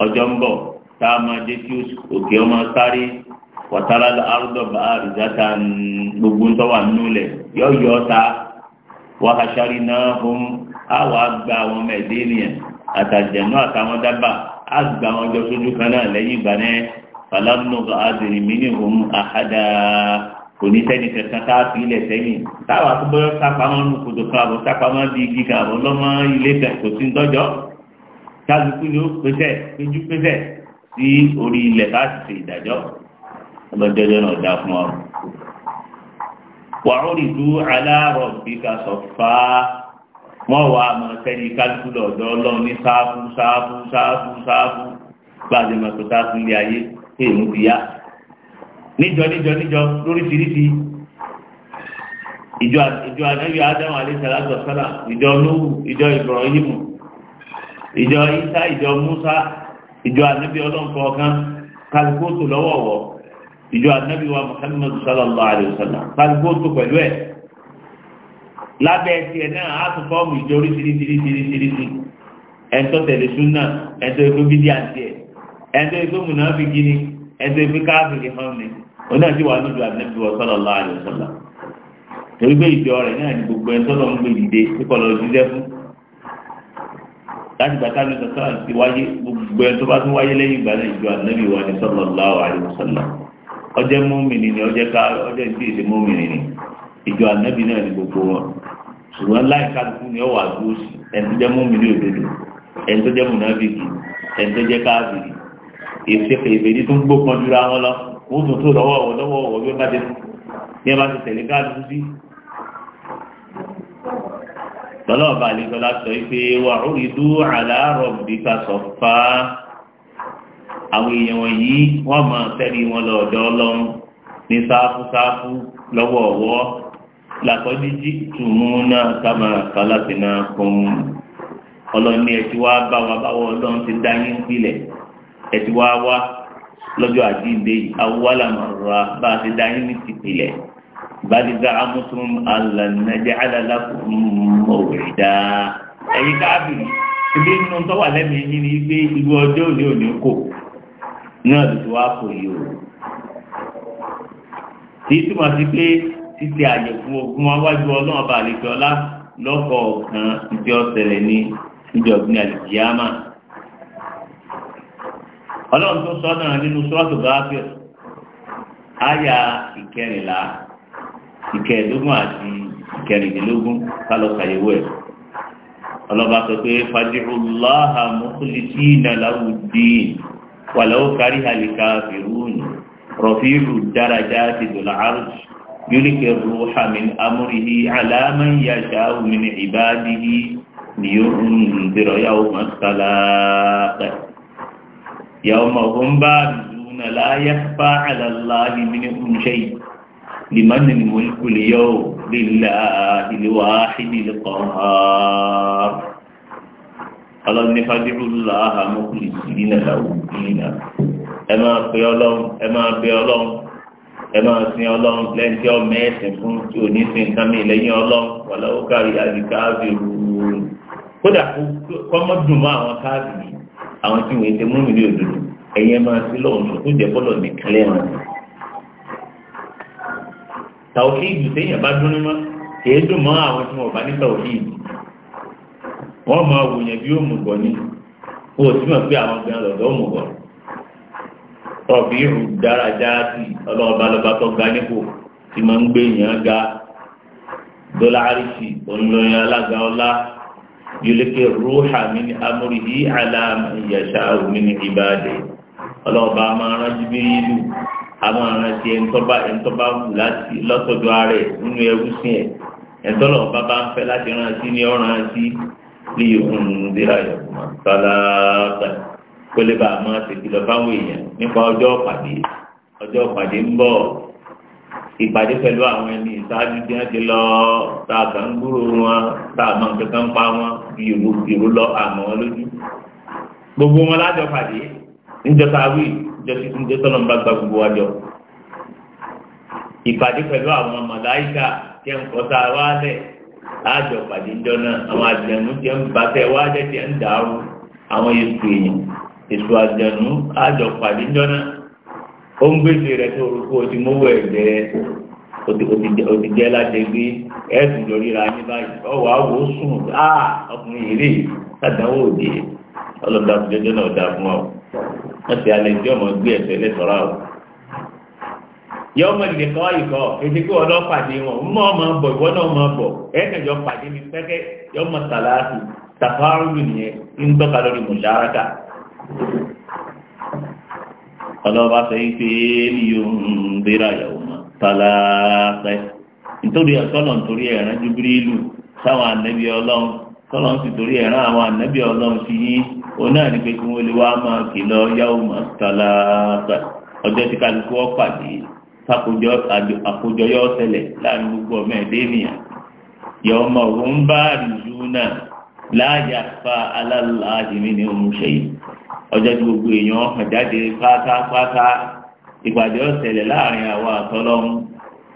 ọjọ́ ń bọ̀ tá a máa dé kí òkè ọmọ sáré wàtara arúgbó bá rìzátà gbogbo ń tọ́wà nínú lẹ̀ yọ yọ ta wà hasari náà fún àwọn àgbà àwọn ọmọ ẹ̀dẹ́ ènìyàn àtàjẹ̀nú àtàwọn dábà àgbà wọn jọ sójú kan náà lẹ́yìn ìgbà náà fàlámù àdìrí mìíràn fún àhádà kò ní sẹ́ni kankan tá a fi ilẹ̀ sẹ́yìn táwa tó bọ́yọ́ sápamọ́ nù kòtò kan àbọ̀ sápamọ́ di igi kan àbọ̀ lọ́mọ ilé kan kò sí ń tọ́jọ́ kálukú ni ó pèsè péjú pèsè sí orí ilẹ̀ láti ṣe ìdájọ́ ọlọ́jọ́jọ́ náà dá fún ọ. wàhùn ìlú aláàrọ̀ bí ká sọ fà á wọ́n wà á máa tẹ́lí kálukú lọ́dọ̀ ọlọ́run ní sáàbù sáàbù sáàbù sáàbù gbàdé máa tó sáàbù ilé ayé tí èmi ti yá. níjọ níjọ níjọ lóríṣiríṣi ìjọ ìjọ anábì ádámù alẹ́sàlájọ sọ́là ìjọ lówù ìjọ ìbọ̀rọ̀yìmù ìjọ isa ìjọ musa ìjọ anábì kálukú tó lọ́wọ́wọ́ ìjọ ànábì wa Muhammad sallallahu alayhi wa sallam kálukó tó pẹ̀lú ẹ̀ lábẹ́ tiẹ̀ náà á tún fọ́ọ̀mù ìjọ oríṣiríṣiríṣiríṣi ẹ̀ńtọ́ tẹ̀lé súnà ẹ̀ńtọ́ ìfẹ́ bídí àti ẹ̀ ẹ̀ńtọ́ ìfẹ́ mùnàfíkì ni ẹ̀ńtọ́ ìfẹ́ káàfìlì hàn ni oní àti wà lójú ànábì wa sallallahu alayhi wa sallam torí pé ìjọ rẹ̀ náà ni gbogbo ẹ̀ńtọ́ lọ́ ń gbé dìde kíkọ́ lọ jíjẹ́ fún láti gbàtà ní sọ́sọ́ àti wáyé gbogbo ẹ̀ tó bá tún wáyé lẹ́yìn ìgbà náà ìjọ ànábì wa ni sallallahu alayhi wa sallam ọjẹ́ mọ́mìnì ni ọjẹ́ ká ọjẹ́ tí èdè mọ́mìnì ni ìjọ ànábì náà ni gbogbo wọn ṣùgbọ́n láì kálukú ni ọwà dúró sí ẹni tó jẹ́ mọ́mìnì òdodo ẹni tó jẹ́ mùnáfíkì ẹni tó jẹ́ káàbìrì èsì èbèrè tó ń gbópọn jura wọn lọ wọn tún tó lọ́wọ́ ọ̀wọ́ lọ́wọ́ ọ̀wọ́ bí wọ́n bá ti bí wọ́n bá ti tẹ̀lé káàdùn sí. lọ́lọ́ọ̀bá àlejò la sọ àwọn èèyàn wọ̀nyí wọ́n máa tẹ́lẹ̀ wọn lọ ọ̀dọ̀ ọlọ́run ní sáfù sáfù lọ́wọ́ ọ̀wọ́ làkọ́jíjì tùmún náà sábà kálásì náà fún un ọlọ́run ní ẹtí wá bá wa báwọ̀ ọlọ́run ti dá yín sílẹ̀ ẹtí wá wá lọ́jọ́ àjíǹde yìí awúwálàmọ̀ra bá a ti dá yín ní tìpìlẹ̀ bàtí zàmùtún alànàjẹ́ alàlàkùn mọ̀wẹ̀dá ẹ̀yin káàbì ìdí nínú tó wà lẹ́mìí yín ni pé irú ọjọ́ òní òní kò náà ló ti wá kò yìí o tí túmọ̀ sí pé títí àyè fún ogun wájú ọlọ́run ọba àlejò ọlá lọ́kọ̀ ọ̀kan ìjọ ọ̀sẹ̀lẹ̀ ní ìjọ ọ̀gbìn àlìkìyàmà ọlọ́run tó sọ náà nínú sọ́ọ̀tù gáfíọ̀ áyà ìkẹrìnlá ìkẹẹ̀dógún àti ìkẹrìndínlógún kálọ̀kàyẹ̀wò ẹ̀ ọlọ́ba sọ pé fàjìrùláhà mọ́kúlì sí ìnàláwùdíìn wàlẹ́wò kárí àlìkà fìrúùnù rọ̀fíìrù dáradá ti dòlà àrùjù yúlíkẹ̀ rúhà mi amúrihì àlàmà yàṣà omi ní ìbáàdìhì ni yóò ń dèrò yàwó mọ́sálà yàwó mọ̀hún bá dùnà láyé fà àlàlá ní mímú ṣẹ́yìn لمن الملك اليوم لله الواحد القهار ọlọ́run ní fàdíhù làáhà mọ́kùnrin ìdí nàlá òkùnrin náà ẹ máa pe ọlọ́run ẹ máa bẹ ọlọ́run ẹ máa sin ọlọ́run lẹ́ńtí ọmọ ẹ̀sìn fún tí ò ní sin nǹkan mi lẹ́yìn ọlọ́run wàlá ó kárí àyíká bẹ̀rù kódà kọ́mọ́ dùn mọ́ àwọn káàdì àwọn tí wọ́n ti mú mi ní òdodo ẹ̀yẹ máa sí lọ́run tó jẹ́ bọ́lọ̀ nìkan lẹ́ràn tàwọn kí ìdù téèyàn bá dún ní mọ́ kì í dùn mọ́ àwọn tí wọ́n bá ní tàwọn kí ìdù wọ́n máa wòyàn bí ó mú bọ̀ ní o sì mọ̀ pé àwọn gan lọ́dọ̀ ó mú bọ̀ ọ̀bí ìrù dára jáàtì ọlọ́ọ̀bá lọ́ba tó ga nípò tí máa ń gbé èèyàn ga dọ́là àríṣì òǹlọ́yìn alága ọlá yòlékè rúhà mi ní amúrìhí aláàmì ìyàṣà omi ní ìbáàdé ọlọ́ọ̀bá máa rán Jíbírílù àwọn aránsẹ ẹ̀ńtọ́ba ẹ̀ńtọ́ba wù láti lọ́sọ̀dọ̀ ààrẹ nínú ẹrú sí ẹ̀ ẹ̀ńtọ́lọ́ọ̀bá bá ń fẹ́ láti rán sí ní ọ̀ràn sí bí ìhun ìdíra ìyàgbọ́n sálàtà kó lè bá a máa ṣe kìlọ̀ fáwọn èèyàn nípa ọjọ́ pàdé ọjọ́ pàdé ń bọ̀ ìpàdé pẹ̀lú àwọn ẹni ìṣáájú tí wọ́n ti lọ tá a kàn ń gbúrò wọn tá a máa kankan pa wọn bí ìró ìró lọ àmọ́ wọn lójú gbogbo wọn lájọ pàdé níjọta wí níjọta lọ́nà bá gba gbogbo wájọ ìpàdé pẹ̀lú àwọn màláíkà kẹ́ńkọ́ tá àjọ pàdé ńjọ náà àwọn àjẹnú tiẹ̀ ń wá jẹ́ ń dàrú àwọn èso èèyàn èso àjẹnú àjọ pàdé ńjọ náà ó ń gbèsè rẹ̀ tó orúkọ ti mówó ẹ̀jẹ̀ òtìjẹ́ ládẹ́gbé ẹ̀sùn lóríra ní báyìí ọwọ́ àwọ̀ ó sùn á ọkùnrin ìrè sàdánwò òde ọlọ́dà fún ọ wọ́n ti alẹ́ ọmọ gbé ẹ̀sẹ̀ yọọ ọmọ ìdílé kọ́ ìkọ́ ètò kí ọlọ́ pàdé wọn mọ́ ọmọ bọ̀ ìwọ náà mọ́ bọ̀ ẹ̀ẹ́kẹ̀jọ pàdé mi pẹ́kẹ́ yọ ọmọ tàlàtì tàfárùlù nìyẹn ń tọ́ka lórí ọlọ́ba fẹ́ é ń bẹ́rẹ̀ àyàwó nítorí ọ̀tọ́lọ̀ nítorí ẹ̀rán sáwọn ọlọ́run àwọn ọlọ́run sí òun náà ní pé kakojọ àkójọ yọ ṣẹlẹ̀ láàrin gbogbo ọmọ ẹdẹ ènìyàn yọ ọmọ òun bá rìzú náà láàyè fa aláàláàjìmí ni òun ṣe yìí ọjọ́ tí gbogbo èèyàn hàn jáde pátápátá ìpàdé ọ̀ṣẹlẹ̀ láàrin àwa àtọ́lọ́hún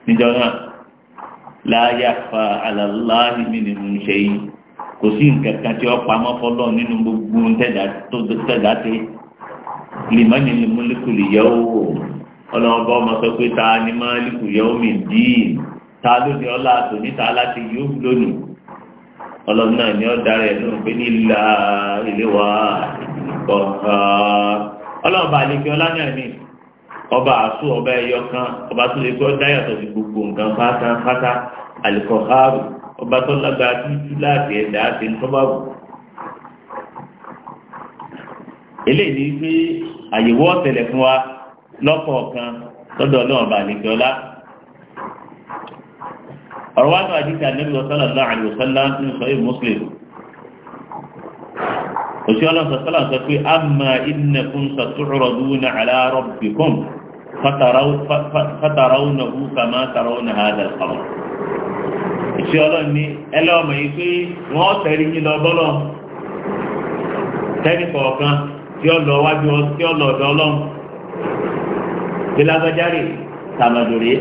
níjọ náà láàyè fa ni òun ṣe yìí kò sí nǹkan kan tí ó pamọ́ fọlọ́ nínú gbogbo tẹ̀dá tó tẹ̀dá ọlọ́ọ̀bọ ọmọ sọ pé ta ni máàlìkù yọ́ọ̀mì díì ta ló ní ọlá àtòní ta láti yóò lónìí ọlọ́run náà ni ó darí ẹ̀ lóhùn pé nílà ilé wa kọ̀ọ̀kan ọlọ́run bá lè fi ọlá náà ní ọba àṣù ọba ẹ̀yọ kan ọba tó lè gbọ́ dáyàtọ̀ sí gbogbo nǹkan pátápátá àlìkọ̀kárù ọba tó lágbára títí láti ẹ̀dá àti ńtọ́bàbù. eléyìí ni pé àyẹ̀wò ọ̀tẹ̀lẹ̀ fún wa lọ́kọ̀ọ̀kan lọ́dọ̀ ọlọ́run bá lè jọlá ọ̀rọ̀ wá ní àdìsí ànábì ọ̀sọ́lá lọ́wọ́ àdìsọ́lá ń sọ èyí muslim òṣìṣẹ́ ọlọ́sọ̀ sọ́lá sọ pé a ma iná fún sàtúrọ̀dú na aláàrọ̀ bìkún fátàráwù na hù kàmá tàráwù na hàdà kàmá òṣìṣẹ́ ọlọ́run ní ẹlẹ́ọ̀mọ̀ yìí pé wọ́n tẹ̀rí yín lọ bọ́lọ̀ tẹ́nì kọ̀ọ̀kan tí ó lọ wájú tí ó lọ ọ̀dọ̀ ọlọ́run pé lágbájáre tàmàdòrè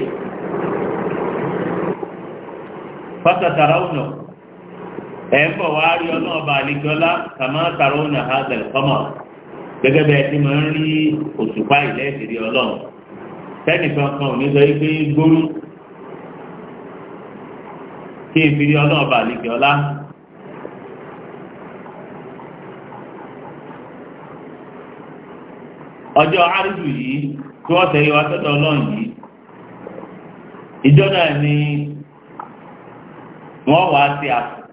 fásitàrà ọ̀nà ẹ̀ ń bọ̀ wá rí ọ̀nà ọba àlejòlá kàmá tàrà ọ̀nà hazel kọ́mọ̀ gẹ́gẹ́ bẹ́ẹ̀ tí rí òṣùpá kan ò ní sọ pé kí kí wọ́n tẹ̀lé wa sọ́dọ̀ ọlọ́run yìí ìjọ náà ni wọ́n wá sí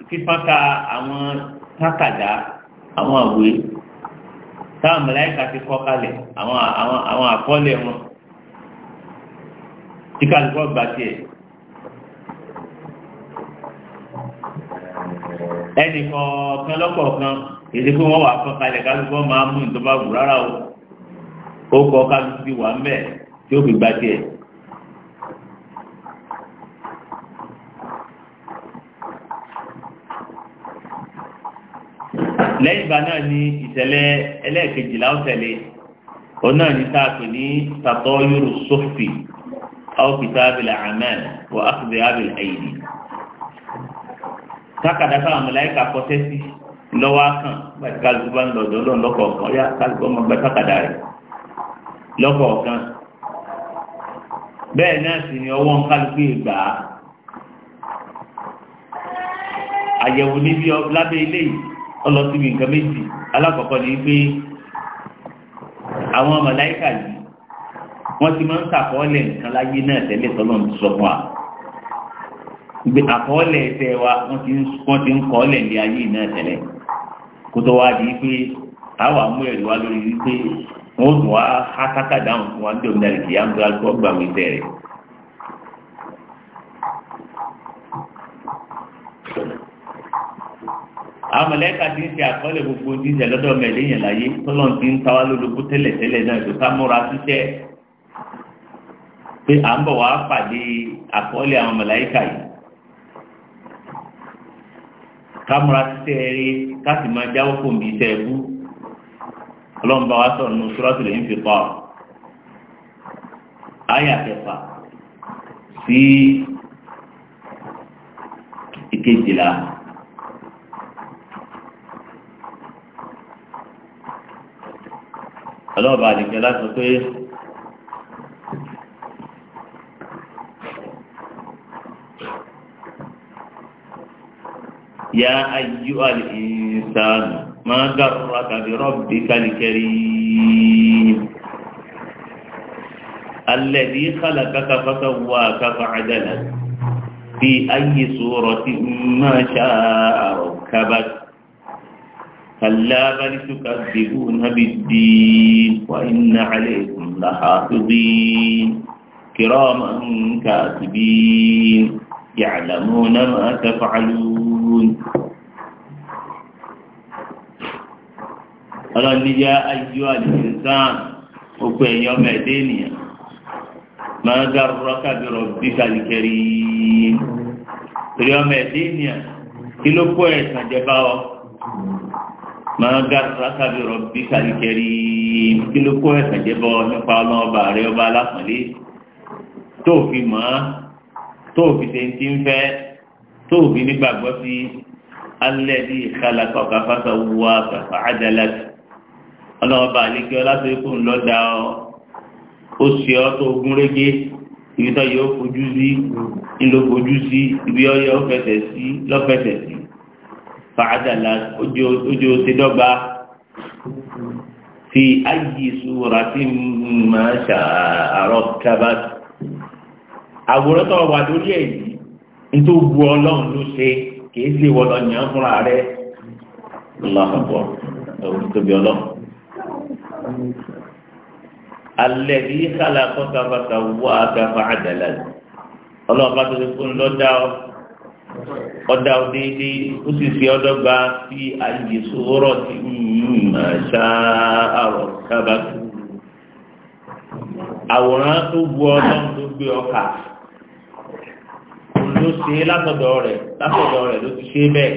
fífọ́nká àwọn tákàdá àwọn àwòrán táwọn mọ̀láìka ti kọ́ kalẹ̀ àwọn àkọọ́lẹ̀ wọn tí kálukọ́ gba tiẹ̀. ẹnì kọ̀ọ̀kan lọ́kọ̀ọ̀kan èdè pé wọ́n wà fọ́n kalẹ̀ kálukọ́ máa mú ìjọba wù rárá o ó kọ́ kálukú ti wà mẹ́ tí ó fi gba tiẹ̀. lẹ́yìn ìgbà náà ni ìṣẹ̀lẹ̀ ẹlẹ́ẹ̀kejìlá ó tẹ̀lé òun náà ní tá a pè ní tàtọ́ yòrò sófì áwòkìtà abìlẹ̀ amen wọ ákùdé abìlẹ̀ ẹ̀yìn tákàdá táwọn mọ̀láyíkà kọ́tẹ́sì lọ́wọ́ á kàn gbàtí kálukú yá kálukú ọmọ gbẹ tákàdá rẹ̀ lọ́kọ̀ọ̀kan bẹ́ẹ̀ náà sì ni ọwọ́ ń kálukú ìgbà àyẹ̀wò níbi lábẹ́ ilé ọlọ́síbi nǹkan méjì alákọ̀ọ́kọ́ ni pé àwọn màláíkà yìí wọ́n ti máa ń sàkọọ́lẹ̀ nǹkan láyé náà tẹ́lẹ̀ tọ́lọ́ ń sọ fún wa ìgbé àkọọ́lẹ̀ ẹ̀fẹ́ wa wọ́n ti ń kọ́ọ́lẹ̀ ní ayé náà tẹ́lẹ̀ kó tó wá di pé táwa mú ẹ̀rí wa lórí wípé wọn tún wá hákàkà dáhùn wọn jọ ní àlùkí yá ń gbé alùpùpù ọgbà wọn ìtẹ rẹ. àwọn mọ̀lẹ́ka ti ń ṣe àkọọ́lẹ̀ gbogbo jíjẹ lọ́dọ̀ mẹ́lẹ́yìn láyé tọ́lọ́n ti ń tawá lólobó tẹ́lẹ̀tẹ́lẹ̀ náà tó ká múra ṣiṣẹ́ pé à ń bọ̀ wá pàdé àkọọ́lẹ̀ àwọn mọ̀lẹ́ka yìí ká múra ṣiṣẹ́ rí ká máa jáwọ́ fòmí iṣẹ́ ẹ̀kú ọlọ́run bá wa sọ̀rọ̀ nínú suratul Infitar àyà kẹfà sí ìkejìlá. ọlọ́ọ̀bà àdìgbẹ́ láti pé yá ayú àlìsàánù ما غرك بربك الكريم الذي خلقك فسواك فعدلك في أي صورة ما شاء ركبك كلا بل تكذبون بالدين وإن عليكم لحافظين كراما كاتبين يعلمون ما تفعلون ọlọ́nìyá ayú àdìsán òkú ẹ̀yọ́ mẹ́ẹ̀dẹ́ ènìyàn máa dárúrọ́ kábírọ̀ bí kàlìkẹ́rì ẹ̀yọ́ mẹ́ẹ̀dẹ́ ènìyàn kí ló kó ẹ̀sán jẹ bá ọ máa dárúrọ́ kábírọ̀ bí kàlìkẹ́rì kí ló kó ẹ̀sán jẹ bá ọ nípa ọlọ́ọ̀bà rẹ ọba alápọ̀lẹ́ tóòfin mọ́ tóòfin tẹ̀ǹtì ń fẹ́ tóòfin nígbàgbọ́ sí alẹ́ bí kálá kọ̀ọ̀ká fásitì wá kàfà ájálàtì ọlọ́ọ̀bà àlékè ọlásọ ikú ńlọ́dà ọ ó sì ọ́ tó ogún régé ibi tó yọ fojú sí ńlọ fojú sí ibi ọyọ fẹsẹ̀ sí lọ́fẹsẹ̀ sí fàádàlà ojú ṣe dọ́gba fi ayé ìṣúra tí màá ṣàárọ̀ kábà àwòrán tó wà lórí ẹ̀ yìí nítorí bu ọlọ́run ló ṣe kì í ṣe wọ́n lọ yàn fúnra rẹ̀ lọ́wọ́ tóbi ọlọ́run alẹ́bí kálá kọ́ka bàtà wọ́ agafa àdàlà ọlọ́ọ̀bá tó ti fún lọ́dà ọ́ ọ̀dà ọ́ déédéé ó sì fi ọ̀dọ́gba sí àyè sòwòrọ̀ tí màṣá àrọ̀ kábàkú. àwòrán tó bu ọlọ́run tó gbé ọkà ló ṣe látọ̀dọ̀ rẹ̀ látọ̀dọ̀ rẹ̀ ló ti ṣe bẹ́ẹ̀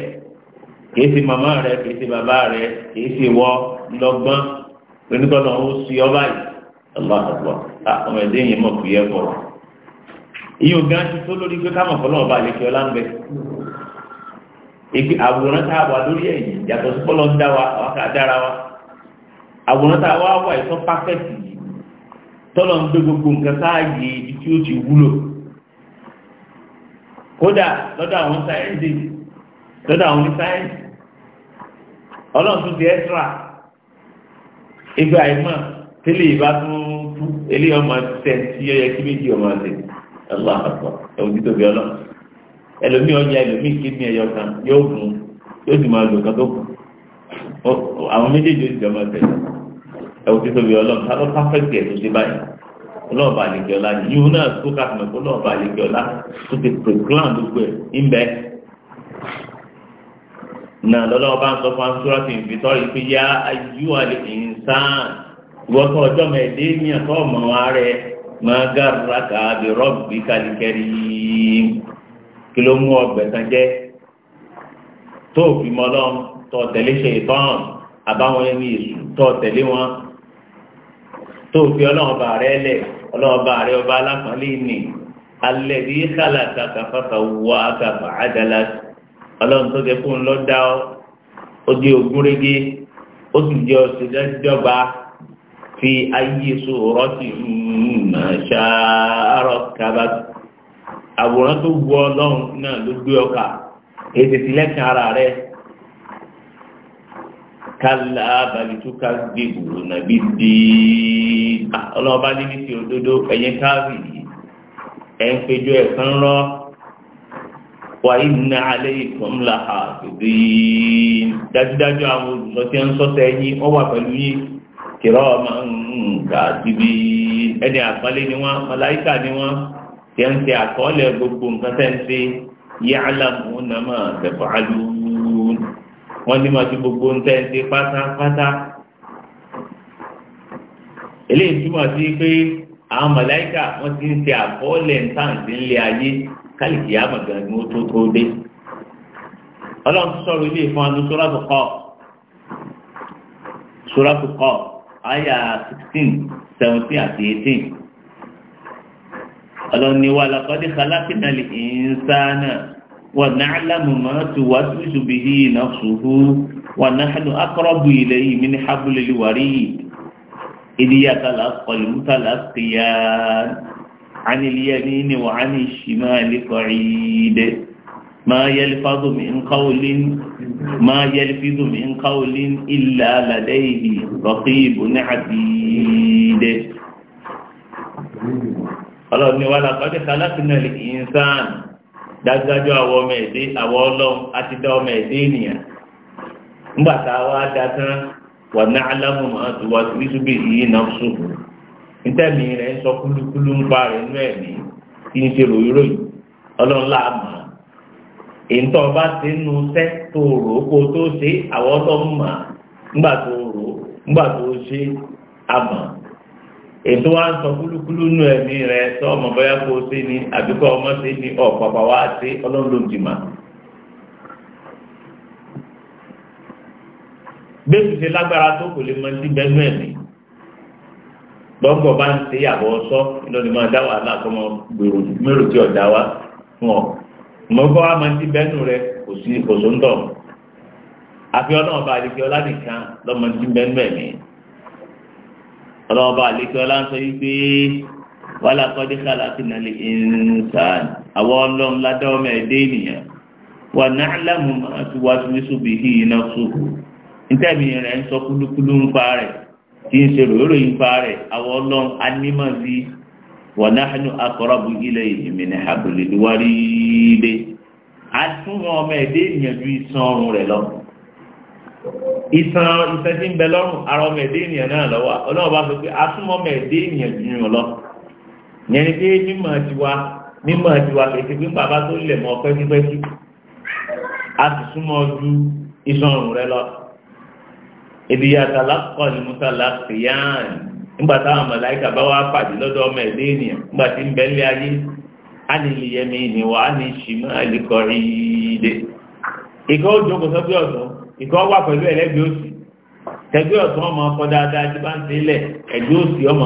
kìí ṣe màmá rẹ̀ kìí ṣe bàbá rẹ̀ kìí ṣe wọ́ lọ́gbọ́n. onígbọ́dọ̀ ń sí ọba yìí ọla ẹ̀dẹ́ yẹn mọ̀ kú yẹ kọ̀ ìyẹn òbí á ti tó lórí pé ká ọba àlekí ọlá ń bẹ èpè àwòrán tá a wà lórí ẹ̀yìn yàtọ̀ sí pọ́lọ́ ń dá wa àwọn dára wa àwòrán tá a wá wà gbogbo nǹkan sáàyè ibi tí ó ti wúlò kódà lọ́dọ̀ àwọn sáyẹ́ǹsì lọ́dọ̀ àwọn ọlọ́run tún ìgbà àìmọ̀ tẹ́lẹ̀ ìbá tún tú elé ọmọ tẹ̀ tí ó yẹ kí méjì ọmọ tẹ̀ ẹlọ́ àpapọ̀ ẹ̀wọ̀n títò bí ọlọ́ ẹlòmíì ọjà ẹlòmíì kídìní ẹyọ kan yóò gùn yóò sì máa lò kan tó kù àwọn méjèèjì ó sì ọmọ tẹ̀ ẹ̀wọ̀n títò bí ọlọ́ ká ló pàfẹ́tì ẹ̀ tó ṣe báyìí ọlọ́ọ̀bà àlekè ọlá yìí náà tó ká náà lọ́lọ́ ọba ń sọ fún asúrọ́tì ìfitọ́ ìfi ya ayú àlè ìnsán ìwọ́n tó ọjọ́ mẹ́ẹ̀dé ní ẹ̀kọ́ ọmọ ààrẹ máa gàrúra kà á bí rọ́ọ̀bì kàlíkẹ́rì kí ló mú ọgbẹ̀ tán jẹ́ tó fi mọ́ lọ́n tó tẹ̀lé ṣe ìtọ́n àbáwọn ẹni èṣù tó tẹ̀lé wọn tó fi ọlọ́ọ̀bà rẹ lẹ̀ ọlọ́ọ̀bà rẹ ọba alápọ̀nlé nì alẹ́ bí kálàkà kàfàkà wọ ọlọ́run tó jẹ fóun lọ dá ọ ó di ogún régé ó sì jẹ ọsẹ dájọba fi ayé sòrọ́ ti mà ṣàárọ̀ kaba àwòrán tó wù ọlọ́run náà ló gbé ọkà ètè sílẹ̀kìn ara rẹ kálá balùtúkà gbèbù nàbí dìí ah, ọlọ́run bá níbi tí òdodo ẹ̀yẹ káàbì ẹ̀ ń pejọ ẹ̀kan rán wà inna alaykum la hafidin dájúdájú àwọn olùsọ tí ń sọ́tẹ̀ yín wọ́n wà pẹ̀lú yín kiraman katibin ẹni àpálẹ́ ni wọ́n màláíkà ni wọ́n tí ń tẹ àkọọ́lẹ̀ gbogbo nǹkan tẹ́ ń ṣe ya'lamuna ma taf'alun wọ́n ní ma ti gbogbo ń tẹ́ ń ṣe pátápátá eléyìí túmọ̀ sí pé àwọn màláíkà wọ́n ti ń tẹ àkọọ́lẹ̀ ń ńlẹ̀ ayé kálíkì yá màgà ni ó tó tó dé ọlọ́run sọ̀rọ̀ ilé ìfọn àti sóràtù kọ́ sóràtù kọ́ àyà sixteen seventeen àti eighteen ọlọ́run ni wà lọ́kọ́dé kálákìnà lè ń sáà náà wà náà lámùmọ́ tó wá tó ìṣubí yìí náà ṣùgbọ́. ونحن أقرب إليه من حبل الوريد إذ يتلقى المتلقيان عن اليمين وعن الشمال قعيد ما يلفظ من قول ما يلفظ من قول إلا لديه رقيب عتيد ọlọ́run ni wà lápàdé kálásìnà ìnsán dájájọ́ àwọn ọmọ ẹ̀dẹ́ àwọn ọlọ́run àti dá ọmọ ẹ̀dẹ́ ènìyàn ńgbàtà wá dá tán wà náà alámùmọ́ àti wà síbísúbí yìí náà sùn nítẹ̀mí rẹ̀ ń sọ kúlúkúlú ń pa rẹ̀ nú ẹ̀mí kí n ṣe ròyìn ròyìn ọlọ́run láàmú èyí bá ti nu sẹ́ tó rò ó kó tó ṣe àwọn ń mà ńgbà tó rò ó wa ń sọ kúlúkúlú nú ẹ̀mí rẹ̀ sọ ọmọ bóyá kó ni àbíkọ́ ọmọ ni wa ṣe ọlọ́run bẹ́ẹ̀ ti ṣe lágbára tó kò lọ́gbọ̀ bá ń ṣe àbọ̀ ọ̀ṣọ́ lọ́ni máa dá wàhálà gbèrò tí ọ̀dá wa fún ọ mọ́gbọ́ wa máa rẹ kò sí ìkòsó ń tọ̀ àfi ọlọ́ọ̀bá àdìgbẹ́ nìkan lọ́mọ ti bẹ́nu ẹ̀mí ọlọ́ọ̀bá àdìgbẹ́ ń sọ pé wà lákọ́dé lè àwọn ọlọ́run ládá ọmọ ẹ̀dẹ́ ènìyàn wà náà tí ń ṣe ròyìnrò ipa rẹ̀ àwọn ọlọ́run anímọ̀ sí wa nahnu ilẹ̀ ilayhi min hablil ọmọ ẹ̀dẹ́ ènìyàn ju ọrụ ọrùn rẹ̀ lọ iṣan iṣan ń bẹ ara ọmọ ẹ̀dẹ́ ènìyàn náà lọ́wọ́ ọlọ́run bá sọ pé ọmọ ẹ̀dẹ́ ènìyàn ju lọ yẹn ni pé mímọ̀ mímọ̀ kẹ̀kẹ́ pé bàbá tó lẹ̀ mọ́ pẹ́kípẹ́kí a lọ ìdíyàtàlákọ̀ ni mùsàlákìyàn nígbà táwọn mọ̀láìkà bá wá pàdé lọ́dọ̀ ọmọ ẹ̀dẹ́ ènìyàn nígbà ń bẹ́lẹ̀ ayé a ní ilé yẹmi ni ní ìṣìmọ́ àìlèkọ̀ ìdè ìkọ́ òjò kò ìkọ́ wà pẹ̀lú òsì ọ̀tún ọmọ dáadáa tí bá ń òsì ọmọ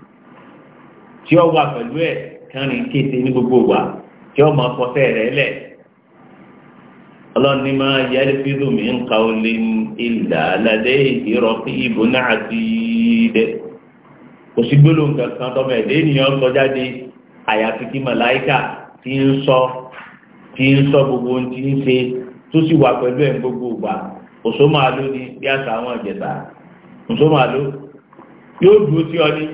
tí ó wà pẹ̀lú ẹ̀ kánrin kéte ní gbogbo wa tí ó máa fọṣẹ́ rẹ̀ lẹ̀ ọlọ́ni máa yẹ fílù mi ń ka olè ìlà aládé ìrọ̀kí ìbò náà ti dẹ̀ kò sí gbólóhùn kankan tọmọ ẹ̀dẹ́ ènìyàn sọ jáde àyàfi kí màláìkà ti ń sọ ti ń sọ gbogbo ohun tí ń ṣe tó sì wà pẹ̀lú ẹ̀ gbogbo wa òṣó máa ló bí àṣà àwọn ìjẹta òṣó máa yóò dúró sí ọ ní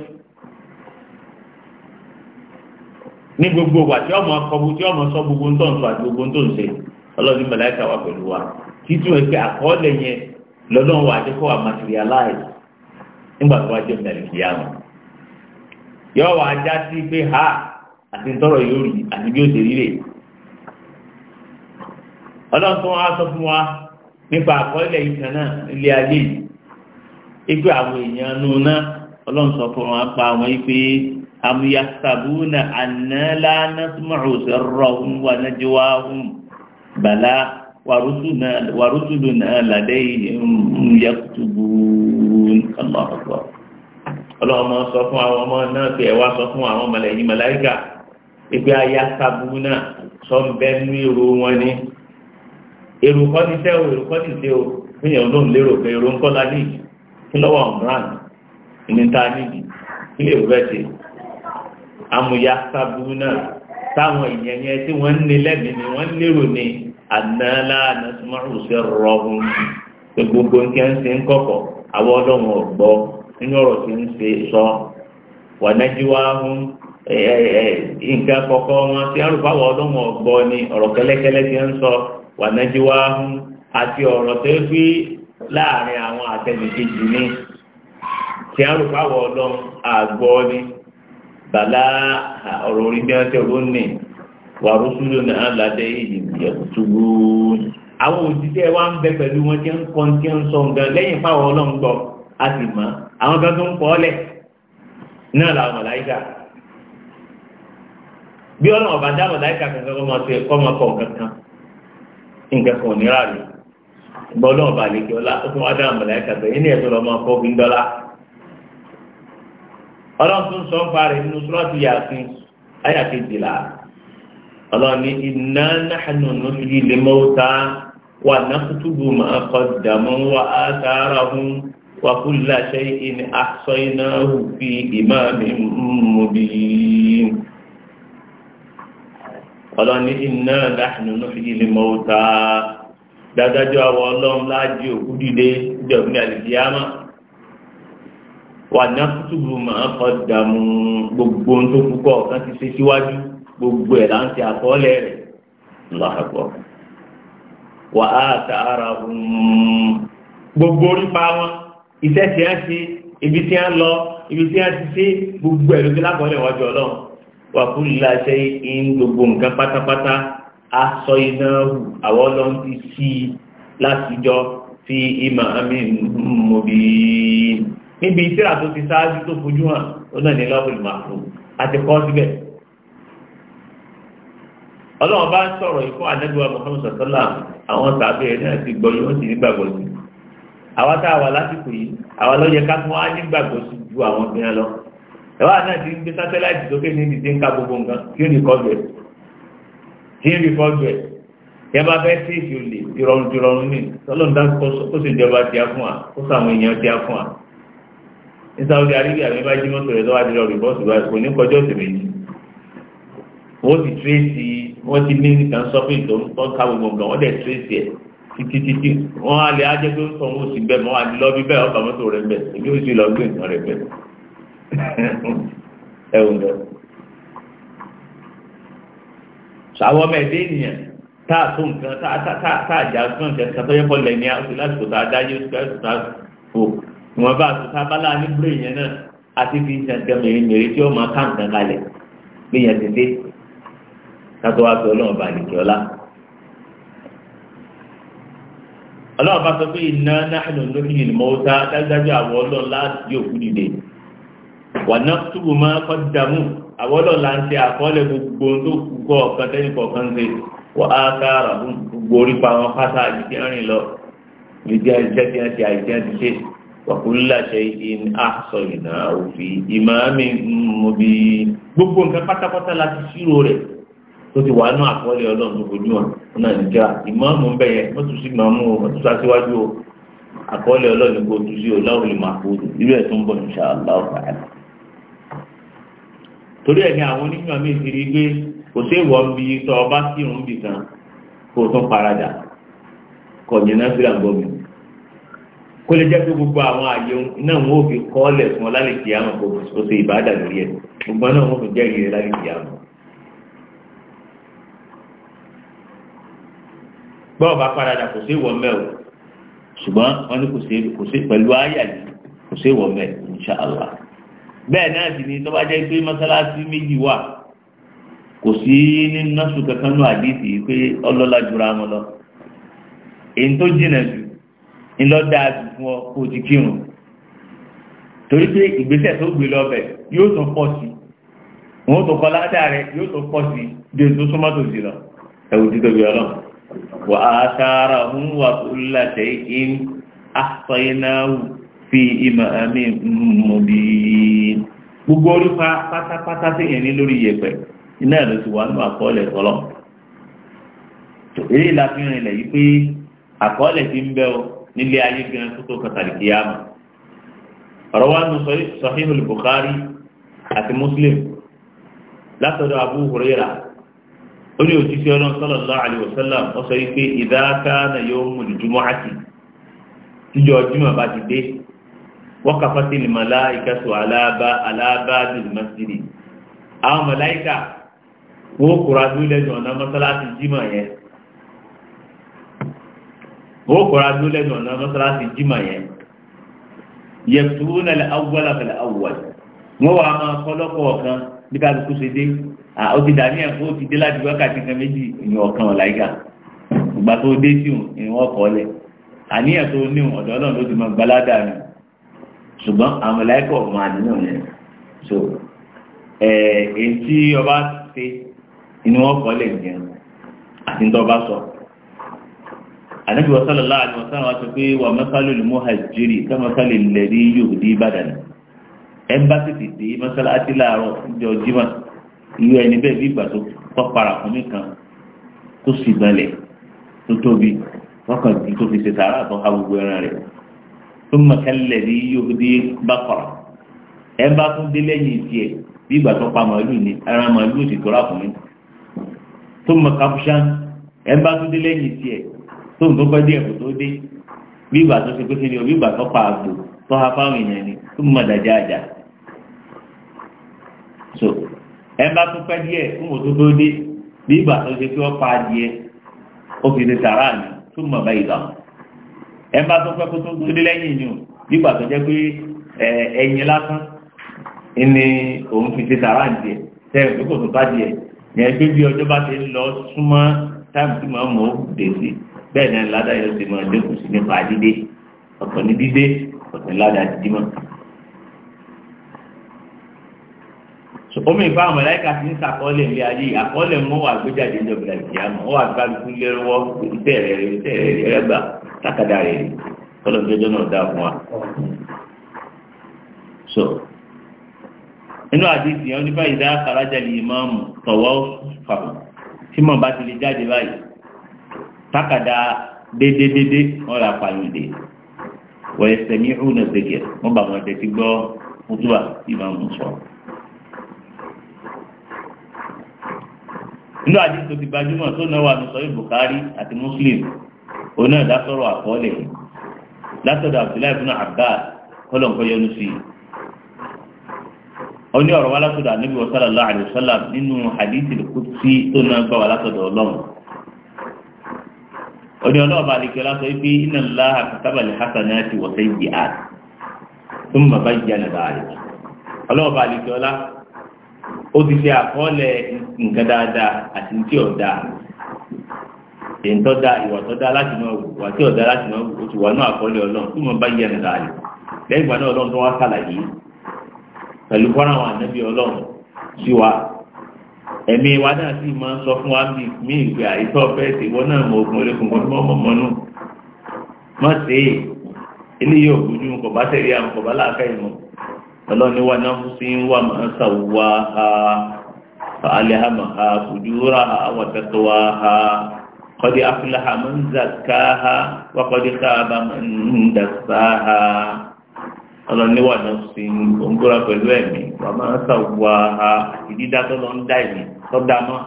ní gbogbo wa tí ọmọ akọbu tí ọmọ sọ gbogbo ntọ́ nsọ àti gbogbo ntọ́ nse ọlọ́ọ̀ni mẹlẹ́kà wà pẹ̀lú wa títún ẹ̀ pé àkọọ́lẹ̀ yẹn lọ́dún wa àti kọ́ wa materialize nígbà tó wá jẹ́ mẹlẹ́kìá wọn. yọ ha àti ntọ́rọ̀ yóò rí àti bí ó ṣe ọlọ́run tó wá sọ fún wa nípa àkọọ́lẹ̀ náà ilé am yasabuna anna la nasma'u sirrahum wa najwahum bala wa rusuluna ladayhim yaktubun Allahu akbar ọlọ́mọ sọ fún àwọn ọmọ náà pé ẹwà sọ fún àwọn mọ̀lẹ́yìn mọ̀láríkà ìgbé ayá sábú náà sọ ń bẹ́ ní èrò wọn ní èrò kọ́ ní tẹ́ o èrò kọ́ ní tẹ́ o fún yẹn olóhùn lérò pé èrò ń kọ́ la ní kí lọ́wọ́ ọ̀hún rán ní níbi kí lè rú bẹ́ẹ̀ amúyá sábúrú náà táwọn èèyàn tí wọ́n ń ní lẹ́bi ni wọ́n lérò ní àdáńlá gbogbo nke ń ṣe ń ọgbọ àwọn ọlọ́run ọ̀gbọ́ nínú ọ̀rọ̀ tí ń ṣe sọ wànájíwá ń nǹkan kọ̀ọ̀kọ́ wọn ni ọ̀rọ̀ kẹ́lẹ́kẹ́lẹ́ sọ wànájíwá ń àti ọ̀rọ̀ tó fi láàrin àwọn àtẹnìkejì ni tí ni. bàlá ọ̀rọ̀ orí bí wọ́n tẹ̀ ló ní wà rúṣúlò náà ládẹ́ èyí ìyẹ̀kùtùgbò àwọn òṣìṣẹ́ wa ń bẹ pẹ̀lú wọn tí ń kọ́ tí ń sọ nǹkan lẹ́yìn fáwọn ọlọ́run gbọ́ a sì mọ̀ àwọn kan tó ń kọ́ lẹ̀ náà làwọn mọ̀láyíkà bí ọlọ́run ọ̀bá dá mọ̀láyíkà kankan kọ́ máa kọ́ nǹkan kan nǹkan kan nira rẹ̀ bọ́ ọlọ́run lè kí ọlá ó tún wá dá mọ̀láyíkà bẹ̀rẹ̀ ní ẹ̀tọ́ lọ́ máa kọ́ bí ń dọ́là ọlọ́run tún sọ fà rẹ̀ nínú sọ́ọ̀tù yàtìn ayà kejìlá ọlọ́run ní inna nahnu nuhyil mauta wa naktubu ma qaddamu wa atharahum wa kulla shay'in ahsaynahu fi imamin mubin ọlọ́run ní inna nahnu nuhyil mauta dáadájọ́ àwọn ọlọ́run láàjì òkú dìde ìjọba ní àlìkíyàmá wà ní akutubu máa kọ́ dàmú gbogbo tó kúkọ́ kan ti ṣe síwájú gbogbo ẹ̀ là ń ṣe àkọọ́lẹ̀ rẹ̀ lọ́hàgbọ́ wà á sàárà gbogbo orípa wọn iṣẹ́ tí a ṣe ibi tí a ń lọ ibi tí a ti ṣe gbogbo ẹ̀ ló fi lákọọ́lẹ̀ wájú ọlọ́run wà fún ìlàṣẹ ìhìn gbogbo nǹkan pátápátá aṣọ iná àwọn ọlọ́run ti sí i látijọ́ fi ìmọ̀ àmì mọ̀bí níbi ìtìrà tó ti sáájú tó fojú hàn ó náà ní lọ́bùlù màfú àti kọ́ síbẹ̀ ọlọ́run bá ń sọ̀rọ̀ ikú anẹ́gbẹ̀wá Muhammad sọ̀tọ́là àwọn tàbí náà ti gbọ́ yìí wọ́n sì nígbàgbọ́ sí àwa tá a wà lásìkò yìí àwa ló yẹ ká fún wa nígbàgbọ́ sí ju àwọn obìnrin lọ ẹ̀wá náà ti ń gbé sátáláìtì sókè ní ìdíje ń ká gbogbo nǹkan kí ó nìkọ́ bẹ̀ kí ó nìkọ́ bẹ̀ yẹn bá fẹ́ sí ìṣòlè ìrọ̀rùn ìrọ̀rùn ní tọ́lọ́ndà kó sì jọba díá fún wa kó sàwọn èèyàn díá fún wa ní Saudi Arabia mi bá jí mọ́tò rẹ̀ lọ́wọ́ àdìrọ̀ rìbọ́ọ̀sì wa kò ní kọjọ́ ọ̀sẹ̀ méjì wọ́n ti tírèsì wọ́n ti ní nìkan sọ pé ìtọ́ ń ká gbogbo nǹkan wọ́n dẹ̀ tírèsì ẹ̀ títí títí wọ́n á lè ájẹ́ pé ó sọ wọ́n sì bẹ́ẹ̀ mọ́ àti lọ́bí bẹ́ẹ̀ ọ̀gá mọ́tò rẹ̀ bẹ́ẹ̀ èmi ò sì lọ gbé nǹkan rẹ̀ bẹ́ẹ̀ [LAUGHS] ẹ lọ. sàwọn ọmọ ẹ̀dẹ́ ènìyàn tá a tó nǹkan tá a já nǹkan kẹta tó yẹ kọ́ lẹ́ni á ó ti láti kò tá a dá yé ó ti wọn bá àtúntà bálá ní búrò yẹn náà àti fi ṣàǹkẹ́ mèremère tí ó máa ká nǹkan kalẹ̀ bí yẹn ti dé kátó wá pé ọlọ́run bá kí ọlá. ọlọ́run bá sọ pé inna nahnu nuhyil mauta dájúdájú àwọn ọlọ́run láti òkú dìde wa naktubu ma qaddamu àwọn ọlọ́run là ń ṣe àkọọ́lẹ̀ gbogbo tó kú kọ́ ọ̀kan tẹ́yìn kọ̀ọ̀kan ṣe wa atharahum gbogbo orí pa wọn pátá àti tí wọ́n rìn lọ ìdí àìsí وكل شيء أحصيناه في إمام مبين gbogbo nǹkan pátápátá la ti ṣírò rẹ̀ tó ti wà nù àkọọ́lẹ̀ ọlọ́run tó fojú hàn náà níjà ìmáàmù ń bẹ̀yẹ mọ́tò sí màmú o mọ́tò sí aṣíwájú o àkọọ́lẹ̀ ọlọ́run kò tún sí o láwùrì máa kó o irú ẹ̀ tó ń bọ̀ ní ṣàlá ọ̀fà rẹ̀. torí ẹ̀ ni àwọn onímọ̀ mi ti rí kò kó lè jẹ́ pé gbogbo àwọn àyè náà wọ́n fi kọ́ọ̀lẹ̀ fún ọ lálẹ́ kìí àmọ̀ kò tó ṣe ìbáàdà lórí ẹ̀ gbogbo náà wọ́n fi jẹ́rìí rẹ̀ lálẹ́ kìí àmọ̀. bọ́ọ̀ bá paradà kò sí ìwọ mẹ́ o ṣùgbọ́n wọ́n ní kò sí pẹ̀lú àyà yìí kò sí ìwọ mẹ́ insha Allah bẹ́ẹ̀ náà sì ni tó bá jẹ́ pé mọ́sálásí méjì wà kò sí nínú náà sùn kankan náà àdìsí pé ọlọ́lá jura wọn ńlọ́dà fún ọ kó ti kírun torí pé ìgbésẹ̀ tó gbé lọ́bẹ̀ yóò tún pọ̀ sí wọn tó kọ́ ládàá rẹ̀ yóò tún pọ̀ sí bí o tó súnmọ́ tó sí lọ ẹ̀wù ti tóbi ọlọ́run wà á sára ń wà tó láṣẹ in àfẹ́yìnáwó fi ìmọ̀ àmì mọ̀bí gbogbo orí pátápátá sí yẹn ní lórí yẹpẹ̀ iná ló ti wà nínú àkọọ́lẹ̀ ọlọ́run èyí la fi rìn lẹ̀ yí pé àkọọ́lẹ̀ ti ń bẹ́ o nílé ayé gan tó tó kàtàlì kìyàmù rọwánu sahihul bukhari àti muslim látọ̀dọ̀ abu huraira ó ní òjíṣẹ́ ọlọ́run sallallahu alaihi wasallam ó sọ wípé idha kana yawmul jumu'ati tíjọ jùmọ̀ bá ti dé wọ́kàfàtí ni màláìka sọ alábàádì masjidi àwọn màláìka wọ́n kura dúlẹ̀ jọ̀ọ́ná mọ́sálásí jimá yẹn ó kọ́ra dúró lẹ́nu ọ̀nà mọ́sálásí jimá yẹn yẹtùúnà lẹ awọ́lá fẹlẹ awọ́ wọn wà máa kọ́lọ́kọ́ ọ̀kan bí ká kó ṣe dé ó ti dàní ẹ̀kọ́ ó ti dé láti wákàtí kan méjì ìyẹn ọ̀kan ọ̀láìkà ìgbà tó dé sí ìwọ̀n ọkọ̀ ọ̀lẹ̀ àníyàn tó ní ọ̀dọ́ náà ló ti máa gbaládà so èyí tí ọba ṣe ìyẹn ọkọ̀ ọ̀lẹ̀ yẹn àti ní anabi wa sallallahu alaihi wa sallam wa sọ pé wa masalul muhajiri ká masalul lẹ́rí yóò dé ìbàdàn ẹmbásí ti dé masalasi láàárọ̀ ìjọ jimá irú ẹni bẹ́ẹ̀ bí ìgbà tó kọ́ para fún mi kan tó sì gbalẹ̀ tó tóbi wọ́n kàn ju tó fi ṣe sàárà tó ha gbogbo ẹran rẹ̀ tó mọ̀kẹ́lẹ̀ ní yóò dé bákọ̀rọ̀ ẹmbá tún dé lẹ́yìn tiẹ̀ bí ìgbà tó pa màálù ni ẹran màálù ti tó rà fún mi tó mọ̀kàbùṣán ẹmbá tún dé lẹ́yìn tiẹ̀ tó ń tó pẹ́ díẹ̀ kò tó dé bí ìgbà tó ṣe pé kí ni o bí ìgbà tó pa àgbò tó ha fáwọn èèyàn ni tó mọ̀ dàjà àjà so ẹ bá tó pẹ́ díẹ̀ kó mo tó tó dé bí ìgbà tó ṣe pé ó pa adìẹ ó fi ṣe sàrà ni tó mọ̀ báyìí lọ ẹ bá tó pẹ́ kó tó tó dé lẹ́yìn ni o bí ìgbà tó jẹ́ pé ẹyin lásán ni òun fi ṣe sàrà ń jẹ tẹ́lẹ̀ pé kò tó bá díẹ̀ yẹn pé bí ọjọ́ bá ti lọ súnmọ́ táìmù tí màá mọ̀ ó dé sí i bẹ́ẹ̀ náà ládà yóò ti máa jókòó sí nípa dídé ọ̀tọ̀ ní dídé ọ̀tọ̀ ní ládà dídí mọ́. omi ìfá àwọn màláíkà ti ń sàkọọ́lẹ̀ ilé ayé àkọọ́lẹ̀ mọ́ wà gbéjáde ní ọ̀gbìn àti àmọ́ wọ́n wà gbálùkù lérúwọ́ iṣẹ́ rẹ̀ rẹ̀ rẹ̀ rẹ̀ tákàdá rẹ̀ rẹ̀ náà dá fún wa. so inú àdìsí yẹn onífà ìdá kàrájà lè máa mú tọ̀wọ́ fàmù tí mọ̀ bá ti lè jáde báyìí tákàdá dédédédé wọ́n rà pàlùdé wọ́n ẹsẹ̀ ní ìhùnà zèkè wọ́n bá wọn tẹ̀sí gbọ́ fúdúwà tí màá mú sọ. inú àdìsí ti gbajúmọ̀ tó náwó àdùsọ Bukhari àti Muslim oná ìdásọ̀rọ̀ àkọọ́lẹ̀ látọ̀dọ̀ Abdullahi ibn Abbas kọ́lọ̀ nǹkan yẹnu sí i ó ní ọ̀rọ̀ wa látọ̀dọ̀ Ànábì sallallahu alaihi wasallam nínú àdìsí kùtì tó náà gbà wà látọ̀dọ̀ Ọlọ́run ọdún ọlọ́ọ̀bá àdìgbò lásọ wípé iná ńlá àkàtàbàlì hasan àti wọ̀sẹ̀ yìí á tó mọ̀ bá yìí àlẹ́ báyìí ọlọ́ọ̀bá àdìgbò ọlá ó ti fi àkọọ́lẹ̀ nǹkan dáadáa àti ní tí ọ̀dà èyí tó dá ìwà tó dá láti máa wù wà tí ọ̀dá láti máa wù ó ti wà ní àkọọ́lẹ̀ ọlọ́run tó mọ̀ bá yìí báyìí lẹ́yìn ìgbà náà ọlọ́run tó wá sàlàyé pẹ̀lú fọ́nrán àwọn ànábì ọlọ́run sí wa ẹ̀mí wa náà sì máa ń sọ fún wa bí mí ìgbé àìsàn ọ̀fẹ́ ìwọ náà mọ ogun olókun kan mọ́ ọmọ nù mọ́ sí i eléyìí ò bójú kò bá tẹ̀lé àwọn kò bá láàká ìmọ̀ wa náà fún sí ń wà máa ń sàwùwà ha fàálẹ̀ ha mà ha kùjú rà ha wà tẹ̀tọ̀ wa ha kọ́dí afúláhà máa ń ha wà káàbà máa ń ha. ọlọ́niwà náà fi òǹkóra pẹ̀lú ẹ̀mí wà máa ń ha àti dídá tó lọ ń dá ẹ̀mí tó dá mọ́.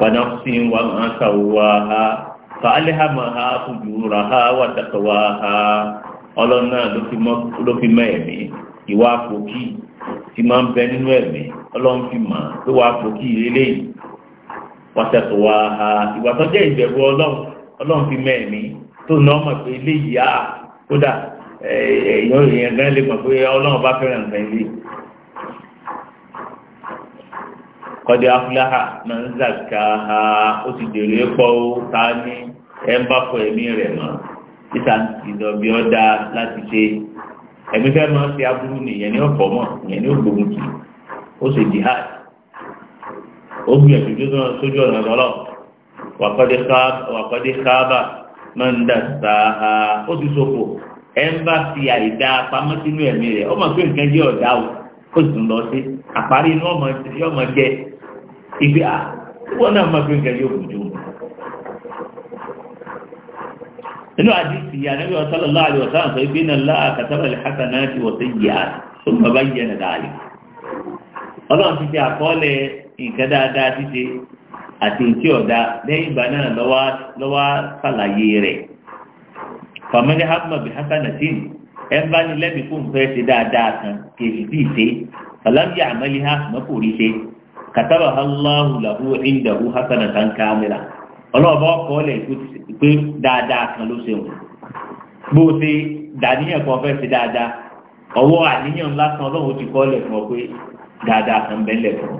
wàdà ha fàálẹ́hàmà ha fùjúra ha wà dàkọ̀wà ha ọlọ́nà ló fi mọ ẹ̀mí ìwà àpòkì ti máa ń bẹ nínú ẹ̀mí ọlọ́run fi mọ̀ pé wà àpòkì ha ìwà tó jẹ́ ìbẹ̀rù ọlọ́run ọlọ́run tó ná ọmọ pé ilé yìí á kódà èèyàn èèyàn gan lè mọ̀ pé ọlọ́run bá fẹ́ràn nǹkan ilé kọ́dé afúláhà máa ń zàkà ha ó ti dèrè pọ́ ó ta ní ẹ̀ ń bá fọ ẹ̀mí rẹ̀ mọ́ títà ìdọ̀bí ọ̀dà láti ṣe ẹ̀mí fẹ́ máa ń ṣe aburú nìyẹn ní ọ̀pọ̀ mọ̀ ìyẹn ní ògbógun kì ó ṣe jihad ó gbìyànjú sójú ọ̀nà lọ́lọ́ wàkọ́dé káàbà mọ́ndà sáà ó ti sòfò ẹ̀ ń bá fi àìdá pamọ́ sínú ẹ̀mí rẹ̀ ó mọ̀ pé nǹkan jẹ́ ọ̀dá o ó sì ń lọ sí àparí inú ọmọ jẹ ibi à wọn náà mọ̀ pé nǹkan yóò kù jù nínú àdìsí ànábì sallallahu alaihi wasallam sọ ibi náà láà kataba al-hasanati wa sayyi'at tó ń bàbá yẹn nàdàlẹ̀ ọlọ́run ti fi àkọọ́lẹ̀ nǹkan dáadáa ti ṣe àti ntí ọ̀dá lẹ́yìn ìgbà náà lọ́wọ́ sàlàyé rẹ̀ fàmílì hamad bin hasanatin ẹ bá ní lẹ́bi fún fẹ́ ṣe dáadáa kan kèsì tí ì ṣe àmàlì ha mọ́kò rí ṣe kàtàbà Allahu lahu indahu hasanatan kamila ọlọ́ọ̀bá ọkọ̀ ọ̀lẹ̀ pé dáadáa kan ló ṣe wọn bó o ṣe dàníyàn kan fẹ́ ṣe dáadáa ọwọ́ àníyàn lásán ọlọ́run ti kọ́ ọ̀lẹ̀ fún ọ pé dáadáa kan bẹ́ẹ̀ lẹ̀ fún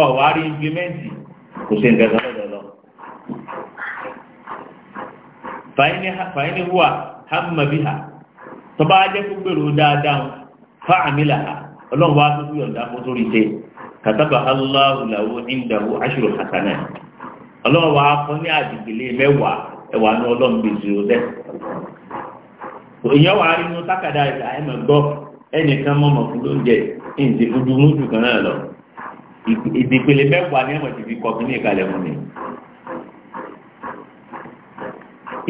ọ wàá rí implimẹ́ǹtì kò ga nǹkan kan lọ́dọ̀ lọ. huwa hamma biha tó dáadáa ha ọlọ́run wá tó yọ̀ǹda kó tó rí ṣe kàtàbà Allahu lahu indahu ashru hasanat ọlọ́run wá fún ní àdìgbélé mẹ́wàá ẹwà ní ọlọ́run gbèsè wà á rí inú fún lóúnjẹ kan ìdìpele mẹ́wàá ní ẹ̀mọ̀ ti fi kọ́ kínní ìkàlẹ̀ mọ́ mi.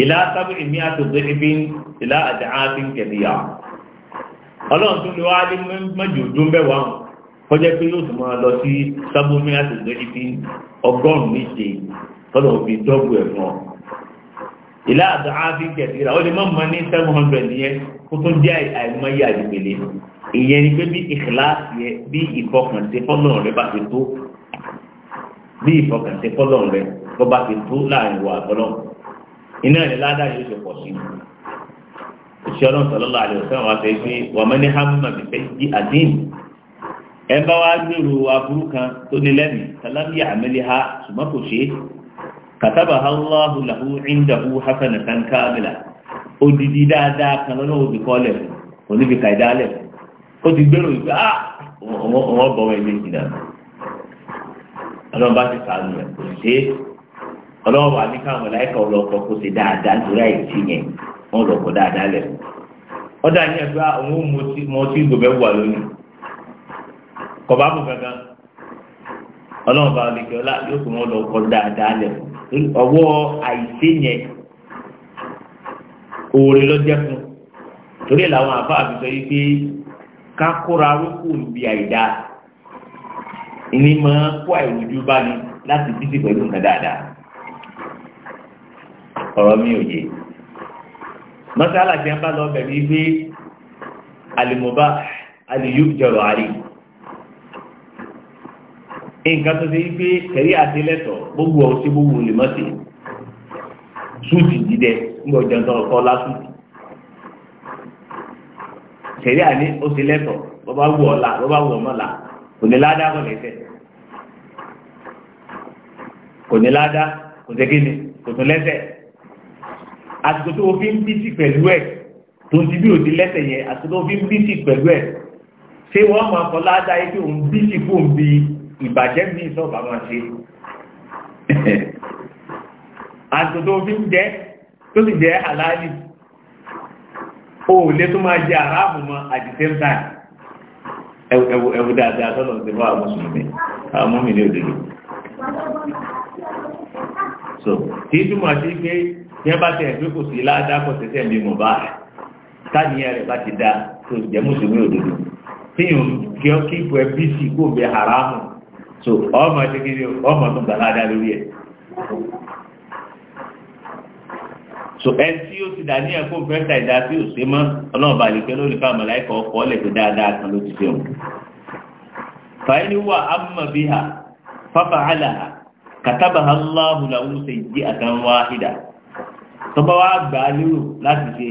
ìlà sábà ìmí àtòkè níbi ìlà àdáhàbí kẹ̀lẹ́yà ọlọ́run tún lè wá ní mẹ́jọ ọdún mẹ́wàá hàn kọjá pé yóò tún máa lọ sí sábà ìmí àtòkè níbi ọgọ́rùn-ún méje tọ́lọ̀ fi dọ́gbù ẹ̀ fún ọ ìlà àdáhàbí kẹ̀lẹ́yà ó lè mọ̀ mọ́ ní seven hundred yẹn kó tún jẹ́ àìmọye àdìpele ìyẹn ni pé bí ìkìláàsì yẹ bí ìfọkànsí fọ́lọ́run rẹ bá ti tó bí ìfọkànsí fọ́lọ́run rẹ bó bá ti tó láàrin wa àtọ́lọ́run iná ìrìn ládàá yóò ṣe pọ̀ sí òṣìṣẹ́ ọlọ́run sallallahu alaihi wasallam wa sẹ́yìn pé wà mọ́ ní hamma fẹ́ di àdín ẹ bá wá gbèrò aburú kan tó ní lẹ́mìí sálábì àmẹ́lẹ́ ha ṣùgbọ́n kò ṣe é kàtàbà Allahu lahu indahu hasanatan kamila odidi dáadáa kan lọ́nà òbí kọ́lẹ̀ oníbi kàìdálẹ̀ fún ó ti gbèrò ìgbà wọn bọ̀ wọn ilé ìdìdà ọlọ́run bá ti sàánù rẹ̀ kò sí ọlọ́run wà ní káwọn ọ̀láìkà ọlọ́kọ̀ kó ṣe dáadáa nítorí àìsí yẹn wọn lọ kọ dáadáa lẹ̀ ọ̀dà ní ẹ̀fẹ́ òun mọ tí gbogbo ẹ̀ wà lónìí kọ̀bá bù gangan ọlọ́run bá lè kí ọlá yóò fún wọn lọ kọ dáadáa lẹ̀ ọwọ́ àìsí yẹn oore ló jẹ́ fún torí làwọn àbá àbísọ yìí pé kakóra wípò níbi àìdá ni máa kó àìròjú bá ní láti títí pẹ̀lú nǹkan dáadáa ọ̀rọ̀ mi ò yé mọ́sálà tí wọ́n bá lọ bẹ̀rẹ̀ wípé alìmọ̀bá alìyú jọrọ̀ àrí nǹkan tó ṣe wípé kẹ̀rí àtẹlẹ́tọ̀ gbogbo ọ̀ṣẹ́ gbogbo olè suuti súùtì dídẹ ń gbọ́jọ́ tọ̀rọ̀ kọ́ lásùtì sẹ̀rí àní ó ti lẹ́tọ̀ bó bá wù ọ́ la bó bá wù ọmọ la kò ní ládá kò ní tẹ̀ kò ní ládá kò tẹ́ kíni kò tún lẹ́sẹ̀ àsìkò tó o fi ń bísí pẹ̀lú ẹ̀ tó ti bí òdi lẹ́sẹ̀ yẹn àsìkò tó o fi ń bísí pẹ̀lú ẹ̀ ṣé wọ́n máa kọ́ ládá yìí pé òun bísí fóun bí ìbàjẹ́ mi sọ̀bà máa ṣe [LAUGHS] àsìkò tó fi ń jẹ́ tó sì jẹ́ àlàálì ó lé tó máa jẹ aráàmù mọ́ at the same time ẹwù dáadáa tọ́lọ̀ ti fún àwọn mùsùlùmí àwọn mọ́mí ní òdodo so kì í túmọ̀ sí pé tí wọ́n bá tẹ̀ pé kò sí ládàá kò tẹ̀sẹ̀ mi mọ̀ báyìí táníyà rẹ̀ bá ti dáa tó jẹ́ mùsùlùmí òdodo tíyàn kí ọ kí ipò ẹbí sí kó bẹ haramu so ọmọ ṣe kí ni ọmọ tó gbà ládàá lórí ẹ̀ so ẹni tí ó ti dà ní ẹ̀kọ́ ona ìdá tí ò ṣe mọ́ ọlọ́ọ̀bà àlèkẹ́ lórí ọkọ̀ ọ̀lẹ̀ tó dáadáa kan ló ti ṣe òun. fàyẹ́ni wà amma biha fáfà kàtàbà làwọn ṣe jí tọ́ba wa gbà á lérò láti ṣe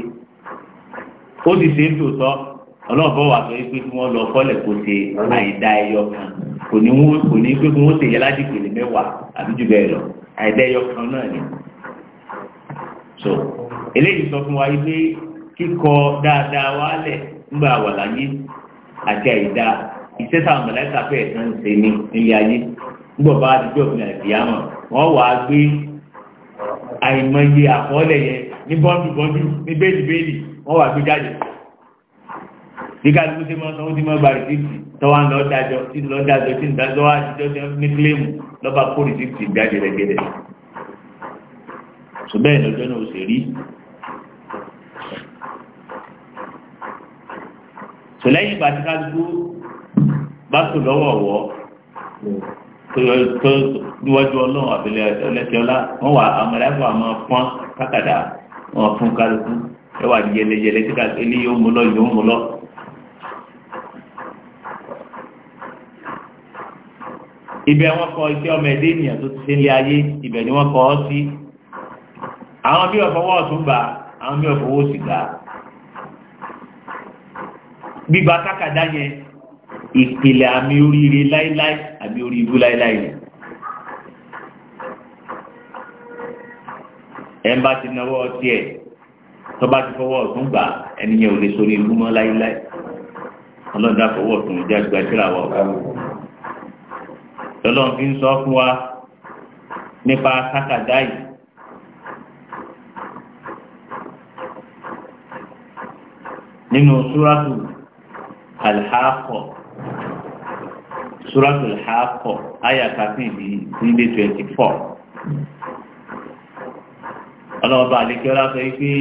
ó ti ṣe é tòótọ́ ọlọ́ọ̀bọ̀ wà sọ pé kí wọ́n lọ kọ́lẹ̀ kó ṣe kan kò ní pé kí wọ́n mẹ́wàá àbíjú bẹ́ẹ̀ lọ kan náà ni so eléyìí sọ fún wa yìí kíkọ dáadáa wá lẹ̀ ńgbà wà láyé àti àìdá iṣẹ́ táwọn mọ̀lẹ́ta fẹ́ẹ̀ tán ń ṣe ní ilé ayé ńgbọ̀ bá àdúgbò wà á gbé àìmọye àkọọ́lẹ̀ yẹn ní ní wà gbé jáde gba rìsíìtì ń lọ tí ń lọ tí ń ní kó rìsíìtì tó bẹ́ẹ̀ lọ́jọ́ náà ó sì rí tòlẹ́yìn ìgbà tí kálukú bá tò lọ́wọ́ ọ̀wọ́ tó níwájú ọlọ́run àbílẹ̀ ọlẹ́tẹ̀ ọlá wọ́n wà àwọn ẹlẹ́kọ̀ọ́ àmọ́ pọ́n kákàdá wọn fún kálukú ẹ wà ní yẹlẹyẹlẹ tí kálukú eléyìí ó mú lọ yìí ó mú lọ. ibẹ̀ wọ́n kọ iṣẹ́ ọmọ ẹ̀dẹ́ ènìyàn tó ti ṣe ń lé ayé ibẹ̀ ni wọ́n kọ ọ́ sí àwọn bí ọ̀fọwọ́ ọ̀tún gbà àwọn bí ọ̀fọwọ́ òsì gbà gbígba kákàdá yẹn ìpìlẹ̀ àmì oríire láíláí àmì orí ibú láíláí ni ẹ̀ ń bá ti náwó ọtí ẹ̀ tó bá ti fọwọ́ ọ̀tún gbà ẹni yẹn ò lè sọ ní ibú mọ́ láíláí ọlọ́dún àfọwọ́ ọ̀tún ìjà gba síra wọ̀ lọ́lọ́run fi ń sọ fún wa nípa kákàdá yìí. nínú súrátù alhaakọ̀ súrátù alhaakọ̀ ayàkàtì ìdí nílé 24 ọlọ́ọ̀bá àdékẹ́lá sọ pé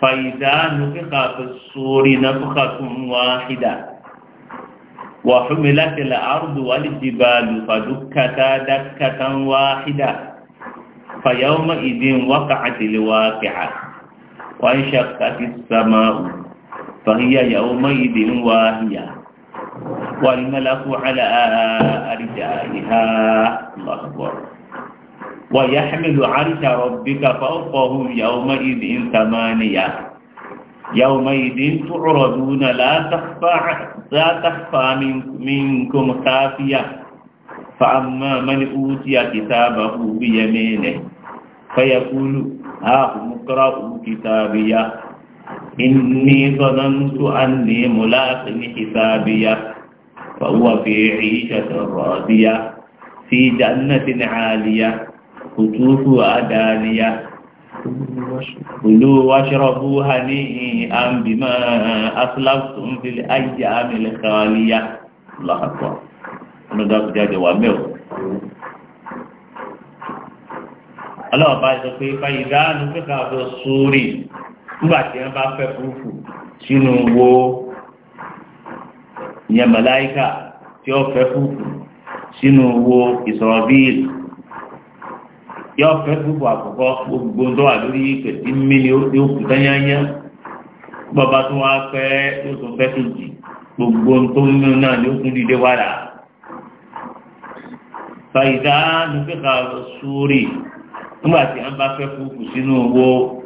fàyídá nùfíkà fi sórí nàfíkà tún wá hídà wà fúnmi láti la àrùdù wà lè dìbà lùfàdúkàtà dákàtà wá hídà fàyàwó mọ́ ìdí wákàtí lè wá kẹ̀hà وانشقت السماء فهي يومئذ واهية والملك على أرجائها الله أكبر ويحمل عرش ربك فوقهم يومئذ ثمانية يومئذ تعرضون لا تخفى لا تخفى منكم خافية فأما من أوتي كتابه بيمينه فيقول أصحاب مقرأ كتابية إني ظننت أني ملاق حسابية فهو في عيشة راضية في جنة عالية قطوفها دانية كلوا واشربوا هنيئا بما أسلفتم في الأيام الخالية الله أكبر أنا ذاك جاجة وأمير ọlọ́wọ́ bá sọ pé báyìí dáánù pípa ọ̀dọ̀ sórí nígbà tí wọ́n bá fẹ́ fúrufú sínú wo ìyẹn màláíkà tí ó fẹ́ fúrufú sínú wo Israfil yọ fẹ́ fúrufú àkọ́kọ́ gbogbo tó wà lórí pẹ̀tí mímí ní òkú tányányá bọ́ba tó wá fẹ́ ló tó fẹ́ kejì gbogbo tó ń náà ló tún dìde wàrà báyìí dáánù pípa ọ̀dọ̀ sórí. nígbà a wọ́n bá fẹ́ kú sínú owó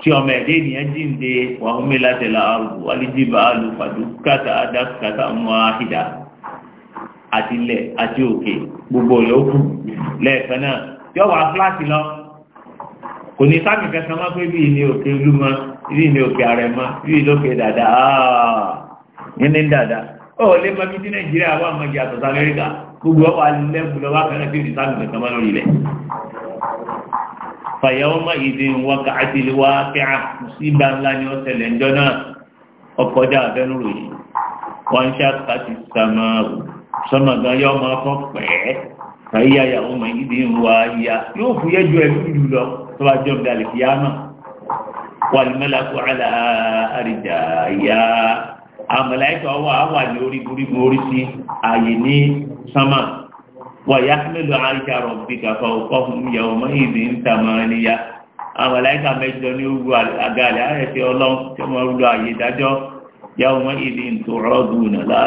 tí ọmọ ẹ̀dẹ́ ènìyàn jíǹde wà ó mẹ́lá tẹ̀lá àrùbù alíjìbà alùpàdù kàtà àdákàtà ọmọ àhìdá àti ilẹ̀ àti òkè gbogbo ìyókù lẹ́ẹ̀kan náà wà fúláàtì lọ kò ní sáàmì kẹsàn máa pé bíi ní òkè olúmọ bíi ní òkè àrẹ̀mọ bíi lókè dàda dada. ní dàda ó lè mọ bí ti nàìjíríà wà gbogbo ọwọ́ alẹ́bù lọ́wọ́ akẹ́rẹ́ tí ó ti sáàmì kẹ̀kẹ́ máa lórí ilẹ̀ fàyàwọ́mà ìdè wákà àti ilé wákà síbà ńlá ni ó tẹ̀lẹ̀ ń jọ́nà ọkọjá àfẹ́nu ròyìn wọ́n ń ṣàkà ti sàmà sọmọgán yọ ọmọ afọ pẹ́ẹ́ fàyà yàwó mà ìdè wá ya yóò fi yẹ́jú ẹ̀ lùlù lọ tó bá jọ́ ọ̀dà lè fi yá mà kó àlà àríjà yá amalaika ọwọ́ àwà ní orígun orí sí ààyè ní sánmà wà yá àríkà rọ̀ bí kàfà òkọ́ fún ìyàwó mọ́ ìdí ń tà máa níyà àmàlàíkà mẹ́jọ ní ogun àgàlẹ̀ àrẹ̀fẹ́ ọlọ́run tí wọ́n rúlọ ààyè ìdájọ́ yàwó mọ́ ìdí ń tó rọ́gùn náà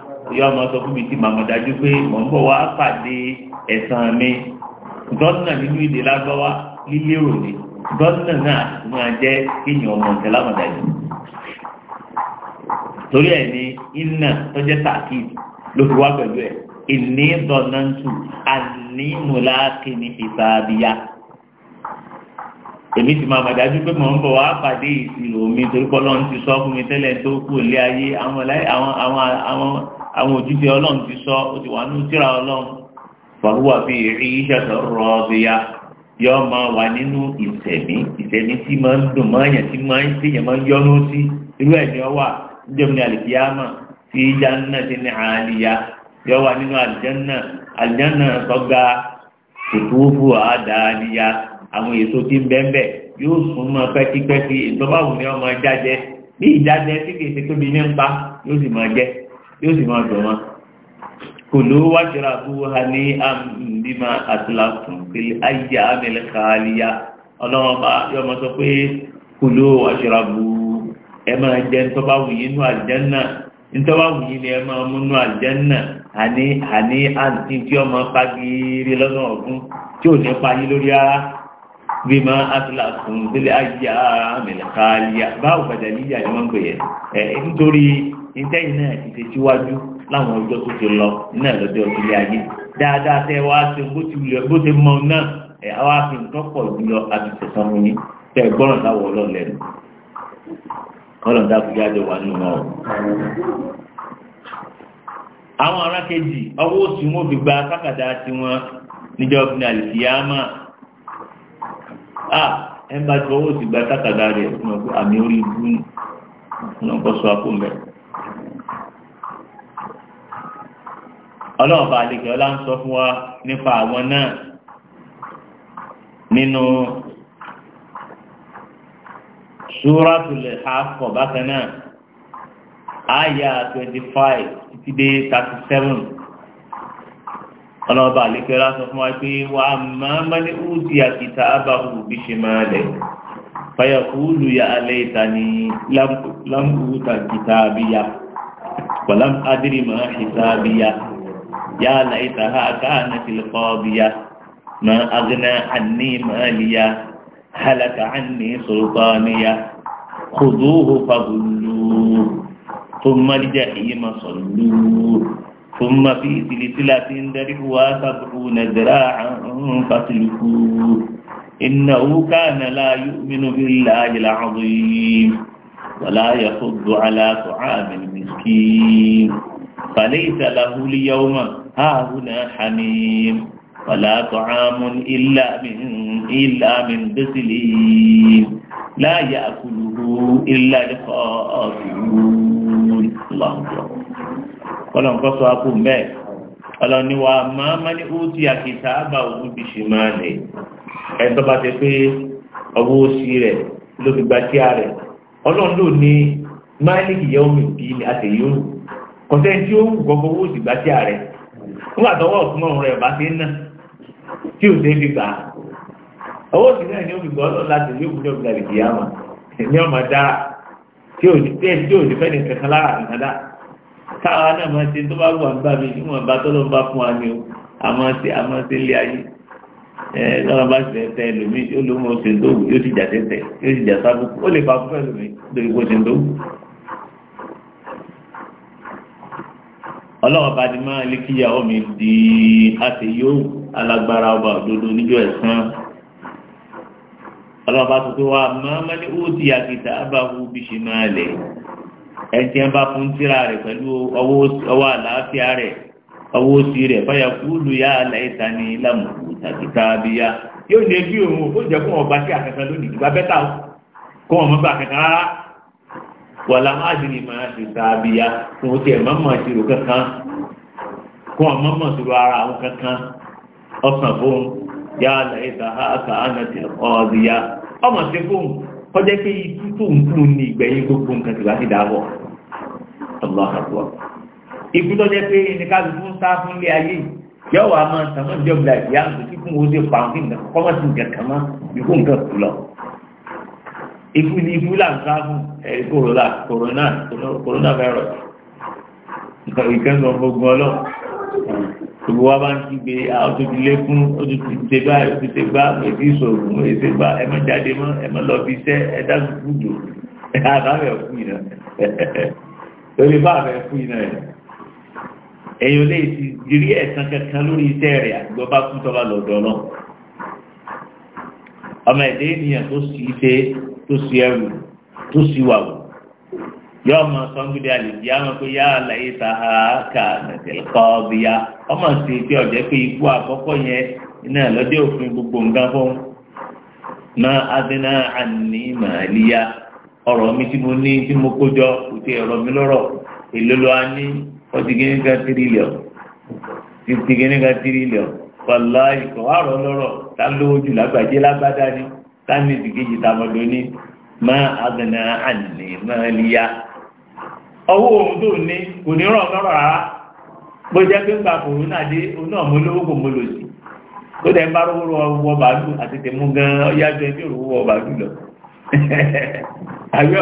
yọ ọmọ sọ fún mi tí màmá dájú pé mò ń bọ̀ wá pàdé ẹ̀sán mi gọ́nà nínú ìdè lágbọ́wá lílé òní gọ́nà náà máa jẹ́ kéèyàn ọmọ ọ̀tẹ̀ lámọ̀dájú torí ẹ̀ ní iná tó jẹ́ tàkì ló fi wá pẹ̀lú ẹ̀ ìní dọ̀nàntù ànímùláàkì ní ìsàbíyá èmi ti máa màdájú pé mò ń bọ̀ wá pàdé ìṣirò mi torí pé Ọlọ́run ti sọ fún mi tẹ́lẹ̀ tó kú ilé ayé àwọn àwọn òjíṣẹ́ ọlọ́run ti sọ ó ti wà nínú tírà ọlọ́run fàhùwà fi rí iṣẹ́ tó rọ ọ̀bìyà yọ máa wà nínú ìsẹ̀mí ìsẹ̀mí tí máa ń dùn máa yàn tí máa ń tèèyàn máa ń yọnu sí irú ẹ̀mí ọwà níjọba ní àlìkíyàmà tí ìjà náà ti ní àlìyá yọ wà nínú àlìjánà àlìjánà tọ́gà ìfúrufú àdáàlìyá àwọn èso tí ń bẹ́ẹ̀ yóò súnmọ́ pẹ́kípẹ́kí ìtọ́báwò ni ọmọ jáde bí ìjáde tí kìí ṣe tóbi ní ń pa yóò sì máa jẹ́ yóò sì máa dùn wọn kòló wájúra bú ha ní àmìbímọ àtìláfún pẹ̀lú ayé àmìlẹ kàálíyà ọlọ́wọ́n bá yọ ọmọ sọ pé kòló wájúra bú ẹ máa jẹ ntọ́ba wùyí nù àlìjẹ́nà ntọ́ba wùyí ni ẹ máa mú nù àlìjẹ́nà àní àní àǹtí tí ọmọ fagiri lọ́nà ọ̀gbun tí ò ní payí lórí ara bímọ àtìláfún pẹ̀lú ayé àmìlẹ kàálíyà báwo bàjẹ́ níyà ni wọ́n ń pè yẹ ẹ nítorí. ìtẹ́yìn náà ti ṣe síwájú láwọn ọjọ́ tó ti lọ náà lọ́jọ́ ìdílé ayé dáadáa tẹ wá ṣe bó ti lè bó ti mọ náà ẹ̀ fi nǹkan pọ̀ jùlọ àti tẹ̀sán gbọ́ràn wà àwọn ará kejì ọwọ́ wọn gba sákàdá ọ̀gbìn ah, ẹ̀ ń gba sákàdá rẹ̀ fún ọkọ̀ àmì orí ibú sọ ọlọ́run bá lè kẹ́ ọ́ láń sọ fún wa nípa àwọn náà nínú Suratul Haqqa bákan náà àyà twenty five títí dé thirty seven ọlọ́run bá lè kẹ́ ọ́ láń sọ fún wa pé wa amma man utiya kitabahu bishimalihi fayaqulu ya laytani lam uta kitabiya wa lam adri ma hisabiya. يا ليتها كانت القاضية ما أغنى عني مالية هلك عني سلطانية خذوه فغلوه ثم الجحيم صلوه ثم في سلسلة درعها سبعون ذراعا فاسلكوه إنه كان لا يؤمن بالله العظيم ولا يصد على طعام المسكين فليس له اليوم هاهنا حميم ولا طعام إلا من إلا من بسليم لا يأكله إلا الخاطئون الله أكبر ọlọ́run kọ́ sọ akó mẹ́ẹ̀ ọlọ́run ni wà máa má ní oúnjẹ àkìtà àbà òun bí ṣe máa rẹ̀ ẹ̀tọ́ bá ti pé ọwọ́ òsì rẹ̀ ló fi gba tí a rẹ̀ ọlọ́run ló ní máìlì yẹ́ omi bí ní àtẹ̀yẹ́ òun kọ̀tẹ́ tí ó wù gbogbo owó òsì gba tí a rẹ̀ nígbà tọwọ́ ọ̀túnmọ̀ rẹ̀ bá ti ń ná tí ò dé fi gbà á owó sì náà ni ó fi gbọ́ lọ láti ní òkúta òkúta lè jìyà mà ní ọmọ dára tí ò ní tẹ́ tí ò ní fẹ́ ní kankan lára nǹkan dá táwa náà máa ṣe tó bá wù wá gbà mí tí wọn bá tọ́lọ́ bá fún wa ni o àmọ́ ṣe àmọ́ ṣe lé ayé ẹ lọ́wọ́ bá ṣe tẹ ẹlòmíì ó lóun ó ṣe tó yóò ti jà tẹ́tẹ́ yóò ti jà sábùkù ó lè fa ọlọ́run bá di máa lé kí ìyàwó mi di àtẹ̀yó alágbára ọba òdodo níjọ́ ẹ̀san ọlọ́run bá tuntun wa mọ́mọ́ ní ó ti àkìtà abáwo bí ṣe máa lẹ̀ ẹ̀ǹtí ẹ̀ bá fún tíra rẹ̀ pẹ̀lú ọwọ́ àlàáfíà rẹ̀ ọwọ́ òsì rẹ̀ fàyà kúlù yá aláìta ní lámùkù tàkìtà abíyá yóò ní ẹbí òun ò jẹ́ fún ọba sí àkàtà lónìí ìgbà bẹ́tà kọ́ ọmọ bá àkàtà rárá wàlá ájìrì máa ṣe sàábíyá tí wọ́n tẹ̀ mọ́mọ́ ìṣirò kankan kún wọn mọ́mọ́ ìṣirò ara àwọn kankan ọ̀sán fún yàrá ìta àkà àná ti ọ̀ọ́dìyá ọmọ sí fún kọjá pé ikú tó ń kú ní ìgbẹ̀yìn gbogbo nǹkan tìgbà ti dàbọ̀ ọlọ́hàbọ̀ ikú tó jẹ́ pé ní ká fi fún sáà fún ilé ayé yóò wá máa tàmọ́ ìjọba ìyá àgbẹ̀ kíkún ó dé nǹkan kọ́mọ́sí nǹkan kàmá ikú ní ikú là ń sá fún ẹ̀rí kòròlà kòrónà kòrónà virus nǹkan ìkẹ́sọ̀ ọgbọ̀gbọ̀ ọlọ́ gbogbo wa bá ń kígbe àtòjìlé fún òtútùtè bá òtútùtè bá ètí ìṣòògùn ètè bá ẹmọ jáde mọ ẹmọ lọ bí iṣẹ́ ẹdá gbùdù àbáwẹ fún iná lórí báwẹ fún iná rẹ èyàn lè ti dirí ẹ̀san kankan lórí iṣẹ́ rẹ̀ àgbọ̀bá fún tọ́ba lọ́dọ̀ náà ọmọ ẹ̀dẹ́ ènìyàn tó sì ṣe tó sì ẹrù tó sì wà wò yóò máa sọ gbé alẹ́ bí àwọn pé yá àlàyé sàhà kà nàìjíríkọ́ bí yá ọmọ sí pé ọ̀jẹ́ pé ikú yẹn iná òfin gbogbo nǹkan fún na adínà àní màálíyá ọ̀rọ̀ mi tí mo ní tí mo kó jọ kò tí mi ni. sáàmìtì kejì tàbọ̀dọ̀ ní ma àgbẹ̀nà àní máa líyá ọwọ́ ohun tó ní kò ní rọ̀ lọ́rọ̀ rárá bó jẹ́ pé nípa kòrónà dé oná mú kò mú sí tó dẹ̀ ń bá rówó bàálù àti gan ọyá jọ ẹbí bàálù lọ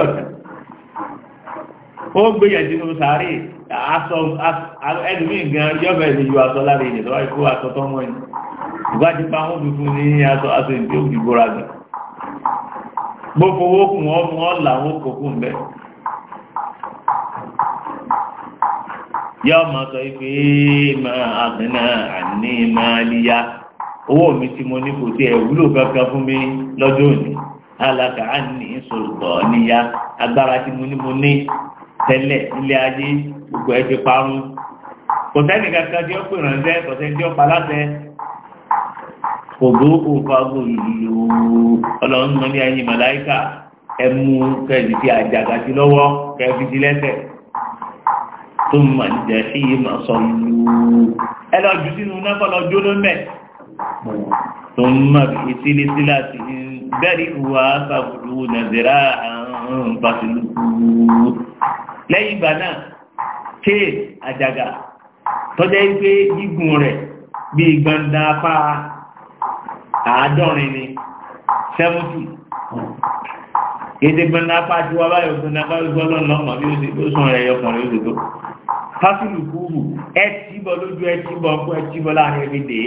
[LAUGHS] ó gbéyànjú ní sàárè aṣọ ẹlùmíì gan yọ́bẹ̀ ní aṣọ lára aṣọ tọ́mọ́ bó fowó kùn ọ́ mú ọ́ làwọn kòkún bẹ́ yá ọmọ sọ pé máa àgbẹ̀nà àní máa líyá owó mi tí mo ní kò tí ẹ̀ wúlò kankan fún mi lọ́jọ́ òní alaka àní sọ̀rọ̀ níyá agbára tí mo ní mo ní tẹ́lẹ̀ ilé ayé gbogbo ẹ̀ ti parun kò sẹ́ni kankan tí ó pè ránṣẹ́ kò sẹ́ni tí ó pa láṣẹ ògbó òfàgbò yìí o ọlọ́run mọ́ ní ẹ̀yìn màláìkà ẹmú kẹ́ẹ̀dì tí àjàgà sí lọ́wọ́ kẹ́ẹ̀fì sí lẹ́sẹ̀ tó mà ń jẹ́ sí ìmọ̀ sọ ìlú ẹ lọ jù sínú náà lọ jó ló mẹ́ tó ń mọ̀ bí sílé sílá sí bẹ́ẹ̀rì ìwà sàbùdù nàìjíríà àrùn bàtìlùkù lẹ́yìn ìgbà náà ké àjàgà tọ́jẹ́ pé gígùn rẹ̀ bí gbọ̀ndà àádọ́rin ni sẹ́fùtì gẹ́gẹ́ gbọ́nà apájú wa báyọ̀ gbọ́nà apájú gbọ́nà lọ́mọ bí ó sì tó sùn rẹ̀ yọkùnrin ó sì tó fásitì kúrú ẹ tí bọ́ lójú ẹ tí bọ́ kú ẹ tí bọ́ láàrin ẹbí dé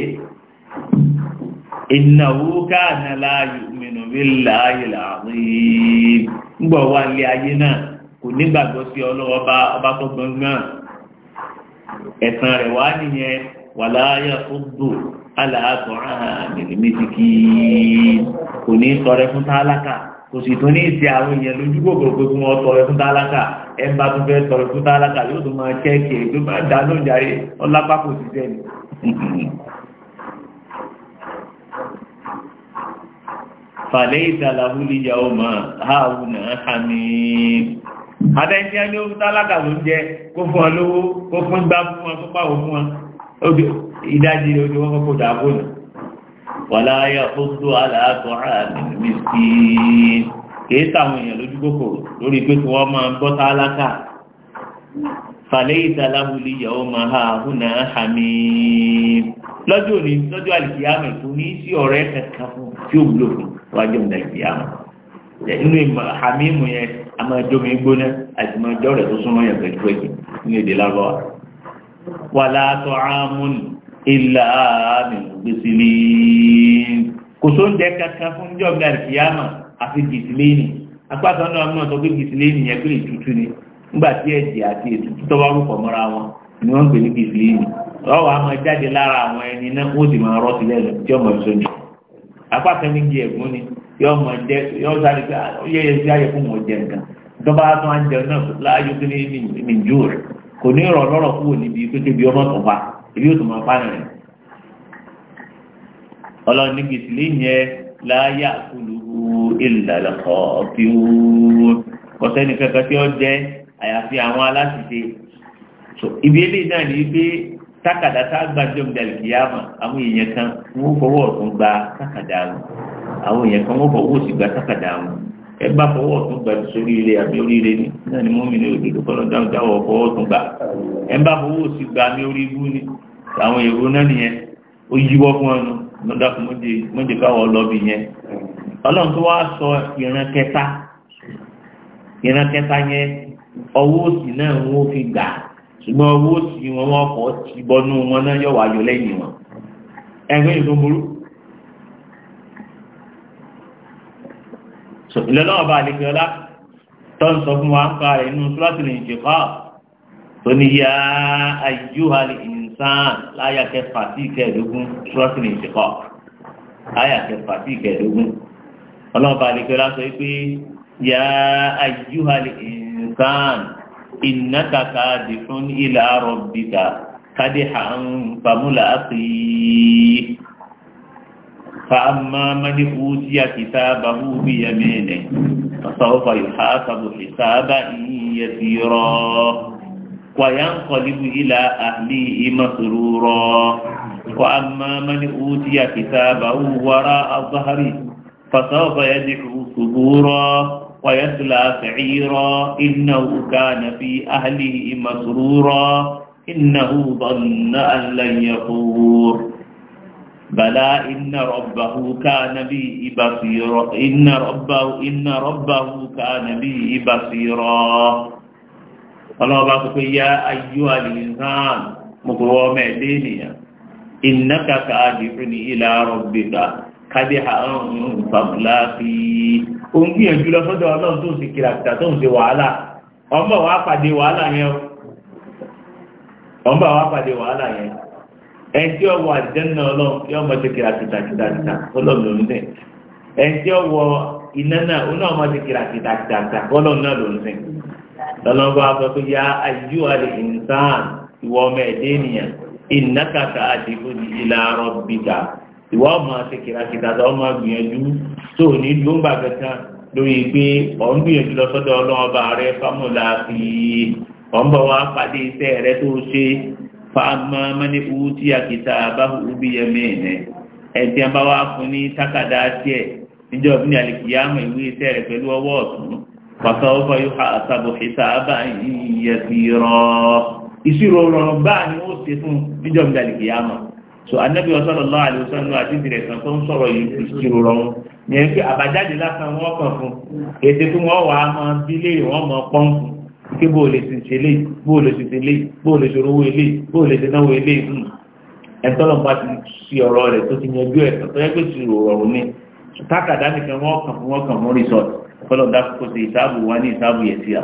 ìnáwó káàná láàyò mìíràn bí láàyè láàrin ńgbọ̀ wá ilé ayé náà kò nígbàgbọ́ sí ọlọ́wọ́ ọba tó gbọ́ngbọ́n ẹ̀sán rẹ̀ wá nìyẹn wàláyà tó dùn aláàtọ̀ àmìlì méjì kí kò ní tọrẹ fún tálákà kò sì tún ní ìsẹ àwọn èèyàn lójú gbogbo fún wọn tọrẹ fún tálákà ẹmbà tó fẹ́ tọrẹ fún tálákà yóò tún máa kẹ́ẹ̀kẹ́ tó bá dá lóúnjẹ ọlápákò sí sẹ́ni fàlẹ́ ìsàlàhúlì yàó ma háàwùnà hàmì adẹ́ntí á ní ó tálákà ló ń jẹ kó fún ọ lówó kó fún gbá fún wọn kó pàwọ́ fún wọn ìdájí rẹ̀ ojú wọ́n kò dáàbò nù wàlá ayé fúdú aláàtọ̀ àmì mísì kìí táwọn èèyàn lójú kòkò lórí pé kí wọ́n máa ń bọ́ tálákà fàlẹ́ ìsàlámùlì yàwó máa ha húnà hàmì lọ́jọ́ òní lọ́jọ́ àlìkìyàmù kò ní sí ọ̀rẹ́ kankan fún tí ó wúlò fún wájú ọ̀nà àlìkìyàmù inú hàmì mu yẹn a máa jó mi gbóná àti máa jọ́ rẹ̀ tó súnmọ́ yẹn pẹ̀lú pẹ̀lú ní èdè lárúbáwá wàlá àtọ̀ àmúnù ìlà àmìlúgbèsílì kò só ń jẹ kankan fún jọ bí àríkìyàmà àti gìsìlẹ́nì apáta náà náà sọ pé gìsìlẹ́nì yẹn pé ètùtù ni nígbà tí ẹ̀jẹ̀ àti ètùtù tọ́wọ́ rúpọ̀ mọ́ra wọn ni wọ́n ń pè ní gìsìlẹ́nì a jáde lára àwọn ẹni náà sì máa tí ọmọ apáta ah, ní ni ibi yóò tó máa pa rẹ̀ ọlọ́run ní gbèsìlẹ̀ yẹn láyà kúlùú ìlànà ọ̀bí wọ́n kọ́sẹ́ni kankan tí ó jẹ́ àyàfi àwọn aláṣìṣe ibi eléyìí náà ní pé tákàdá tá a gbà jọ gbẹlẹ kìyàmà àwọn èèyàn kan wọ́n fọwọ́ ọ̀tún gba tákàdá wọn àwọn èèyàn kan wọ́n fọwọ́ òsì gba tákàdá wọn ẹ bá fọwọ́ ọ̀tún gbà sórí ilé àbí oríire ni náà ni mọ́mí ní òdòdó kọ́nà dáhùn dáhùn ọ̀fọwọ́ ọ̀tún gbà ẹ bá fọwọ́ òsì gbà ní orí ibú ni àwọn èrò náà nìyẹn ó yíwọ́ fún ọ nù lọ́dà fún mọ́jẹ káwọ́ lọ́bì yẹn ọlọ́run tó wá sọ ìran kẹta ìran kẹta yẹn ọwọ́ òsì náà wọ́n fi gbà ṣùgbọ́n ọwọ́ òsì wọn wọ́n kọ́ ti bọ́nú wọn náà yọ̀ wáyọ̀ lẹ́yìn wọn ẹgbẹ́ ìdómorú ìlọ́lọ́wọ́ bá lè gbọ́lá tó ń sọ fún wa ń pa rẹ̀ inú suratul Inshikaq tó ní yá ayyuhal insan láyà kẹfà sí ìkẹẹ̀dógún suratul Inshikaq láyà kẹfà sí ìkẹẹ̀dógún ọlọ́wọ́ bá lè gbọ́lá sọ pé yá ayyuhal insan innaka kadihun ila rabbika kadihan famulaqih فأما من أوتي كتابه بيمينه فسوف يحاسب حسابا يسيرا وينقلب إلى أهله مسرورا وأما من أوتي كتابه وراء ظهره فسوف يدعو ثبورا ويسلى سعيرا إنه كان في أهله مسرورا إنه ظن أن لن يفور بلى إن ربه كان به بصيرا إن ربه إن ربه كان به بصيرا الله بارك يا أيها الإنسان مقوم الدنيا إنك كادح إلى ربك kádíhà ọ̀hún fàbùláàfi òun gbìyànjú lọ sọ́dọ̀ ọlọ́run tó ń ṣe kìràkìtà tó ń ṣe wàhálà ọmọ wa pàdé wàhálà yẹn ẹtí ọwọ àjẹnà Ọlọ́run yọ ọmọ ti kira kìtà kìtà kìtà Ọlọ́run lòún sìn ẹtí ọwọ iná náà ó náà ọmọ ti kira kìtà kìtà kìtà Ọlọ́run náà lòún sìn lọlọrun bá sọ pé ya ayú àlè ìnsán ìwọ ọmọ ẹdẹ ènìyàn ìnákàtà àdìgúdì ìlà rọbìkà ìwọ ọmọ ti kira kìtà tó ọmọ gbìyànjú tó ní ló kẹta lórí pé ọ̀n gbìyànjú lọ sọ́dọ̀ Ọlọ́run fàámà mani uti akita abahu ubi yamene ẹtì àbá wa fún ní takada tiẹ níjọ ní ìwé ọfọ yóò ha ìṣirò rọrùn báà ni ó ṣe fún níjọ fún ní alikiyama so anabi sallallahu alaihi wasallam àti ìdìrẹ kan tó ń sọ̀rọ̀ ìṣirò rọrùn yẹn pé àbájáde lásán wọn kàn fún ètè fún wọn wà á mọ bílé kí bóò lè ti ṣe léyìí bóò lè ti ṣe léyìí bóò lè ṣòro owó eléyìí bóò lè ṣe náwó eléyìí hù hmm. ẹ̀ńtọ́lọ̀ bá ti ṣe ọ̀rọ̀ rẹ̀ tó ti yanjú ẹ̀ tó yẹ pé ṣòro ọ̀rọ̀ ni tákàdá nìkan wọ́n kàn fún wọ́n kàn fún resort ọ̀pọ̀lọ̀ dákòókò ṣe ìsáàbù wa ní ìsáàbù yẹ̀ sí à.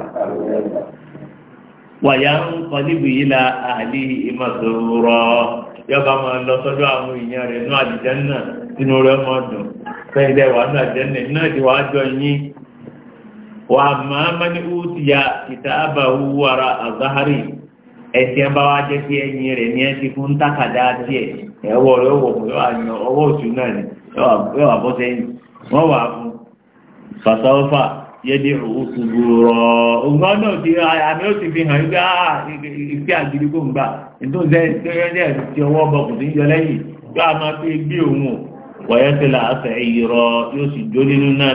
wàyà ń kọ níbi yìí la àlè ìmọ̀sọ̀rọ̀ yọba máa lọ sọ́dọ̀ àwọn èèyàn rẹ̀ nú àdìjẹ́ náà sínú rẹ̀ mọ́ dùn fẹ́ẹ́ wa mama ni utiya kitabahu wara azahari ẹsẹ bá wá jẹ sí ẹ̀yìn rẹ̀ ní ẹsẹ fún takada díẹ̀ ẹwọ rẹ̀ wọ pé ọwọ́ òtún náà ni ẹwà bọ sẹ́yìn wọn wà fún fasawofa yẹdi òkú gbòòrò ọgbọn náà ti àmì ó ti fi hàn yíká ìfẹ́ àgídí kò ń gbà nítorí sẹ́yìn ti ọwọ́ bọ kò sí yọ lẹ́yìn yóò máa fi gbé òun wọ̀nyẹ́sẹ̀ là á fẹ̀ yìí yóò sì jó nínú náà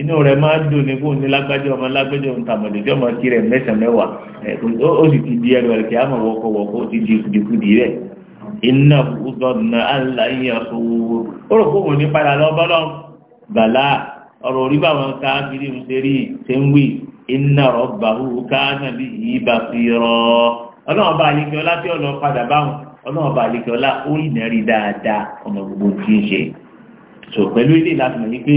inú rẹ̀ máa ń dùn ní bóun ní lágbájọ́ ọmọ lágbájọ́ ń tàmọ̀dé tí ọmọ kí rẹ̀ mẹ́sàn-án mẹ́wàá ó sì ti di ẹrù ẹ̀kẹ́ àmọ̀ wọ́kọ̀ wọ́kọ̀ ó ti di kùdìkùdì rẹ̀ iná gbọ́dọ̀ aláìyá owó ó rò kó wọn ní padà lọ bọ́lọ́ bàlá ọ̀rọ̀ orí báwọn káàkiri ń ṣerí ṣe ń wí iná rọ̀bà owó káàkiri bí yìí bá fi rọ ọlọ́run bá àlekẹ́ ọlá tí ọ̀nà padà báwọn ọlọ́run bá àlekẹ́ ọlá ó ìnárí dáadáa ọmọ gbogbo tí ń ṣe so pẹ̀lú ilé ìlànà yìí pé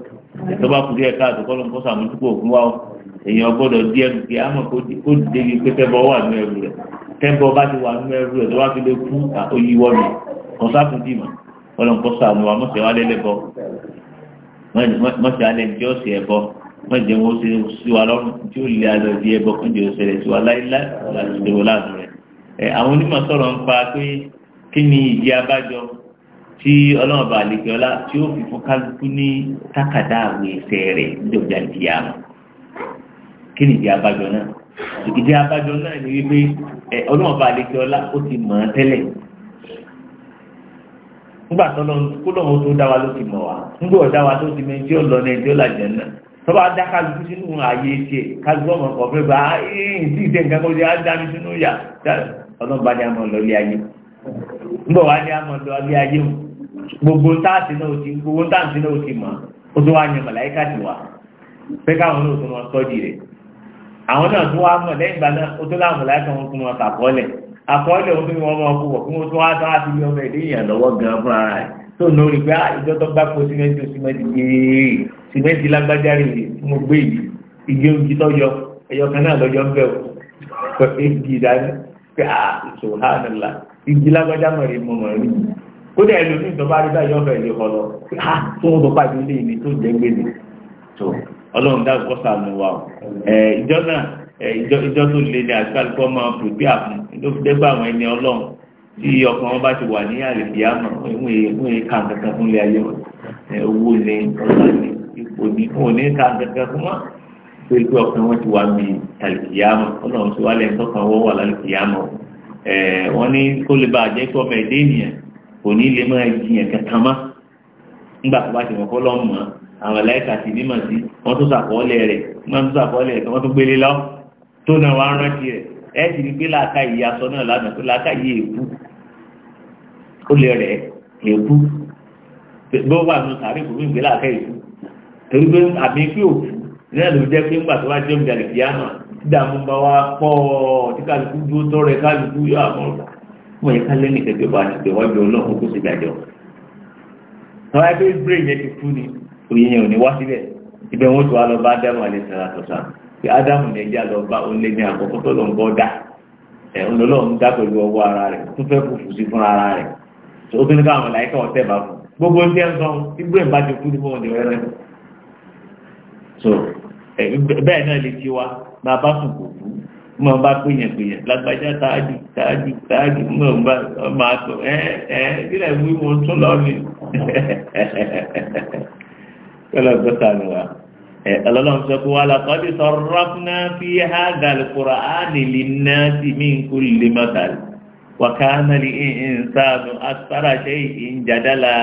ẹ̀tọ́ bá kú díẹ̀ káàtó kọ́ ló ń kọ́ sàmójúkú òkun wa o èèyàn gbọ́dọ̀ di ẹrù kí á mọ̀ kó dìde pé tẹ́bọ̀ wà nínú ẹrù rẹ̀ tẹ́bọ̀ bá ti wà nínú ẹrù rẹ̀ tó bá fi lè kú òyì wọ́ọ̀lù kọ́sáàkùn dì mọ̀ kọ́ ló ń kọ́ sàmù wa mọ̀sẹ̀ wálé lẹ́bọ̀ mọ̀sẹ̀ alẹ́ ní ọ̀sẹ̀ ẹ̀bọ̀ mọ̀jẹ̀ wọn ṣe sí wa lọ́rùn tí ó lé alẹ́ bí ẹbọ kó jẹ́ òṣèlè sí wa láíláí láti ṣe wọ́n láàdùn rẹ̀ àwọn onímọ̀ sọ̀rọ̀ ń pa pé kí ni ìdí tí ọlọ́run bá lè gbọ́lá tí ó fi fún kálukú ní tákàdá àwọn ẹsẹ̀ rẹ̀ níjọba ìdí àmọ́ kí ni ìdí abájọ náà ìdí abájọ náà ni wípé ọlọ́run bá lè gbọ́lá ó ti mọ̀ ọ́n tẹ́lẹ̀ nígbà tó lọ kó lọ́wọ́ tó dá wa ló ti mọ̀ wá nígbà ọ̀dá wa tó ti mẹ́jì ọ̀lọ́ ní ẹjọ́ làjẹ́ náà tọ́ba dá kálukú sínú ààyè tiẹ̀ kálukú ọmọ ah, eh, kan bá ẹ̀ẹ́n sí wá ní àmọ́ lọ ayé o gbogbo táàtì náà ti gbogbo táàtì náà ti mọ̀ ó tó wá yan màláíkà ti wà pé káwọn náà tó wọn sọ́ọ̀dì rẹ̀ àwọn náà tó wá mọ̀ lẹ́yìn ìgbà náà ó tó láwọn màláíkà wọn tó wọn sàkọọ́lẹ̀ àkọọ́lẹ̀ wọn tó wọn mọ̀ ọkọ̀ wọ̀ fún wọn tó wá tó wá ti lé ọmọ ìdíyàn lọ́wọ́ gan fún ara rẹ̀ tó ń lórí pé ah, ìjọ tó gbá po símẹ́ntì símẹ́ntì yéé símẹ́ntì lágbájáre mo gbé yìí igi ogi [LAUGHS] ah, mo mọ̀ kódà ẹlòmí ìjọba rí báyìí ọ̀fẹ́ ìlú ọlọ ha tó ń dọ́pá ìdílé ìní tó jẹ́ gbèlè tó ọlọ́run dá gbọ́ sànù wa ẹ ìjọ náà ìjọ tó lé ní àgbàlùkọ́ máa pèpè àfún ló fi dẹ́gbà àwọn ẹni ọlọ́run tí ọkàn wọn bá ti wà ní àlèkìyàmọ̀ ìwé ká kankan fún ilé ayé wọn owó ni ọlá ni ipò ni wọn ò ní fún wọn pé pé ọkàn wọn ti wà ní àlèkìyàmọ̀ ọlọ́run ti wà lẹ́yìn tọkàn wọn wà lálèkìyàmọ̀ wọn ní kó lè bá àjẹkọ́ mẹ́ẹ̀ẹ́dẹ́nìyàn kò ní lè máa jiyàn kankan mọ́ nígbà tó bá ti mọ̀ fọ́lọ́ mọ́ àwọn aláìka ti mímọ̀ sí wọ́n tó sàkọọ́lẹ̀ rẹ̀ wọ́n tó sàkọọ́lẹ̀ rẹ̀ wọ́n tó gbélé lọ tó náà wá rántí rẹ̀ ẹ sì ní pé láàká yìí aṣọ náà lánàá tó láàká yìí èébú ó lè rẹ̀ èébú bó wà nù sàrí kò ní ìgbé láàká èébú torí pé àmì pé òkú náà ló jẹ́ pé ńgbà tó wá jẹ́ òmìnira ìdíyàmà tí dààmú bá wá pọ̀ tí kálukú dúró tọ́ kálukú yóò àmọ́ wọ́n yẹ ká lé nìkan tó bá ti tẹ̀ wájú ọlọ́run kó sì gbàjọ́ tọ́wọ́ ẹgbẹ́ brain yẹn ti kú ni òye yẹn ò ní wá síbẹ̀ ibẹ̀ wọ́n tó wá lọ bá adamu alẹ́ sara tọ̀sà pé ní ẹjẹ́ lọ bá lé ní àkọ́kọ́ tó lọ ń bọ́ ẹ̀ ń dá pẹ̀lú ọwọ́ ara rẹ̀ tó fẹ́ fùsí fún ara rẹ̀ ní káwọn gbogbo ní bá ti kú ní fún mọ̀ bá pèyànpèyàn lágbájá táàdì táàdì táàdì mọ̀ bá ọmọ àtọ̀ ẹ́ ẹ́ sílẹ̀ wí wọn tún lọ ní ni wa [LAUGHS] ọlọ́run sọ pé wà laqad sarrafna fi hadhal qur'ani linnasi min kulli matal wa kana lil insani akthara shay'in jadala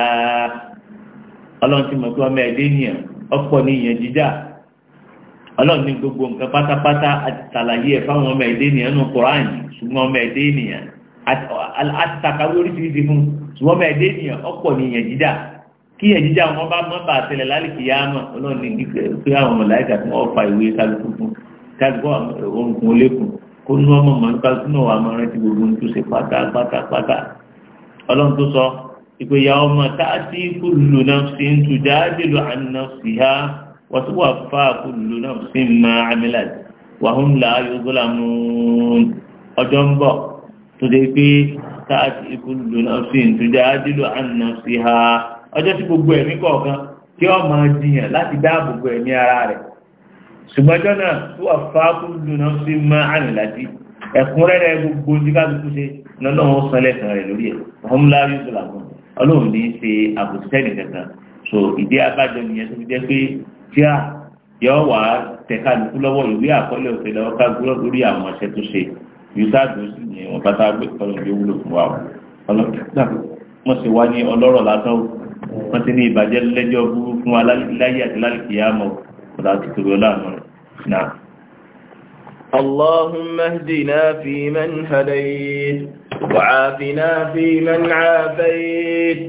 ọlọ́run ti mọ̀ pé ọmọ ẹ̀dẹ́ nìyẹn ọ̀pọ̀ nìyẹn jíjà ọlọ́run ní gbogbo nǹkan pátápátá àtàlàyé ẹ̀ fáwọn ọmọ ẹ̀dẹ́ ènìyàn nù kọ́ránì ṣùgbọ́n ọmọ ẹ̀dẹ́ ènìyàn àtàkàwé oríṣiríṣi fún ṣùgbọ́n ọmọ ẹ̀dẹ́ ènìyàn ọ̀pọ̀ ní ìyẹn jíjà kí ìyẹn jíjà wọn bá mọ́ bá àtẹlẹ̀ lálìkì yá mọ̀ ọlọ́run ní pé àwọn ọmọ láìka tí wọ́n fa ìwé kálukú fún kálukú orúkún olékun kó nú ọmọ mọ̀ wàtúwàfà kùlù náà sí máa amílàdì wàhùn láàyò gọ́làmù ọjọ́ ń bọ̀ tó dé pé káàkiri kùlù náà sí ìtújá dìlò àná sí ha ọjọ́ tí gbogbo ẹ̀mí kọ̀ọ̀kan tí ó máa jiyàn láti dáàbò ẹ̀mí ara rẹ̀ ṣùgbọ́njọ́ náà tó wà fà kùlù sí máa tí a yọ wà á tẹ̀ka lùkú lọ́wọ́ ìwé àkọọ́lẹ̀ òfin lọ́wọ́ ká gbúrọ́ lórí àwọn ọ̀ṣẹ́ tó ṣe yóò sì ní wọn bá tá a gbé kọlọ̀ bí ó wúlò fún wa o ọlọ́dà wọ́n sì wá ní ọlọ́rọ̀ lásán o wọ́n ti ní ìbàjẹ́ lẹ́jọ́ burú fún wa láyé àti lálùkìyàmọ̀ ọ̀dà àti tòrò náà. اللهم اهدنا فيمن هديت وعافنا فيمن عافيت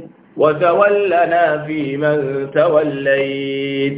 وتولنا فيمن توليت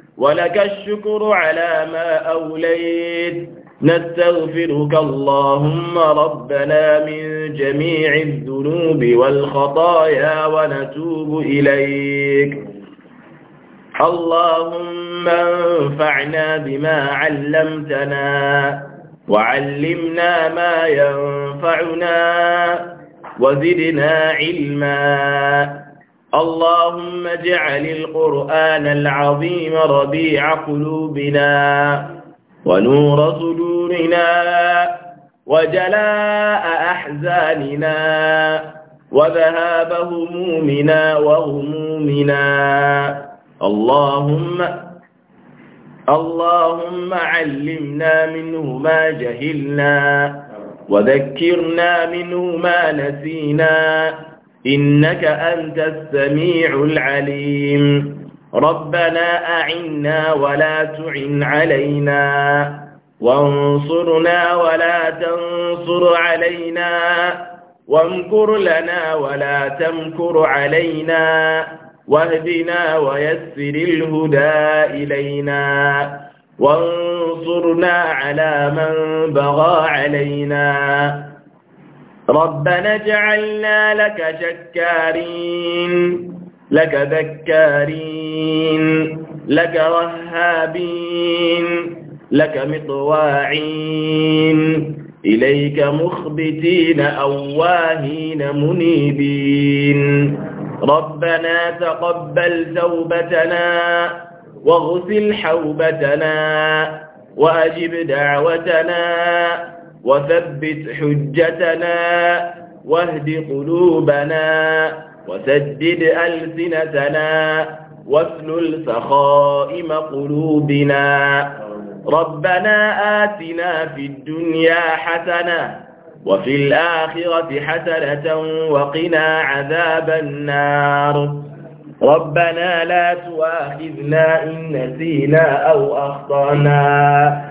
ولك الشكر على ما أوليت نستغفرك اللهم ربنا من جميع الذنوب والخطايا ونتوب إليك اللهم انفعنا بما علمتنا وعلمنا ما ينفعنا وزدنا علما اللهم اجعل القرآن العظيم ربيع قلوبنا ونور صدورنا وجلاء أحزاننا وذهاب همومنا وهمومنا اللهم اللهم علمنا منه ما جهلنا وذكرنا منه ما نسينا إنك أنت السميع العليم ربنا أعنا ولا تعن علينا وانصرنا ولا تنصر علينا وامكر لنا ولا تمكر علينا واهدنا ويسر الهدى إلينا وانصرنا على من بغى علينا ربنا اجعلنا لك شكارين لك ذكارين لك رهابين لك مطواعين إليك مخبتين أواهين منيبين ربنا تقبل توبتنا واغسل حوبتنا وأجب دعوتنا وثبت حجتنا واهد قلوبنا وسدد ألسنتنا واسلل سخائم قلوبنا ربنا آتنا في الدنيا حسنة وفي الآخرة حسنة وقنا عذاب النار ربنا لا تؤاخذنا إن نسينا أو أخطأنا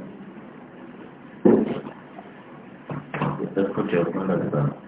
ya na wannan ba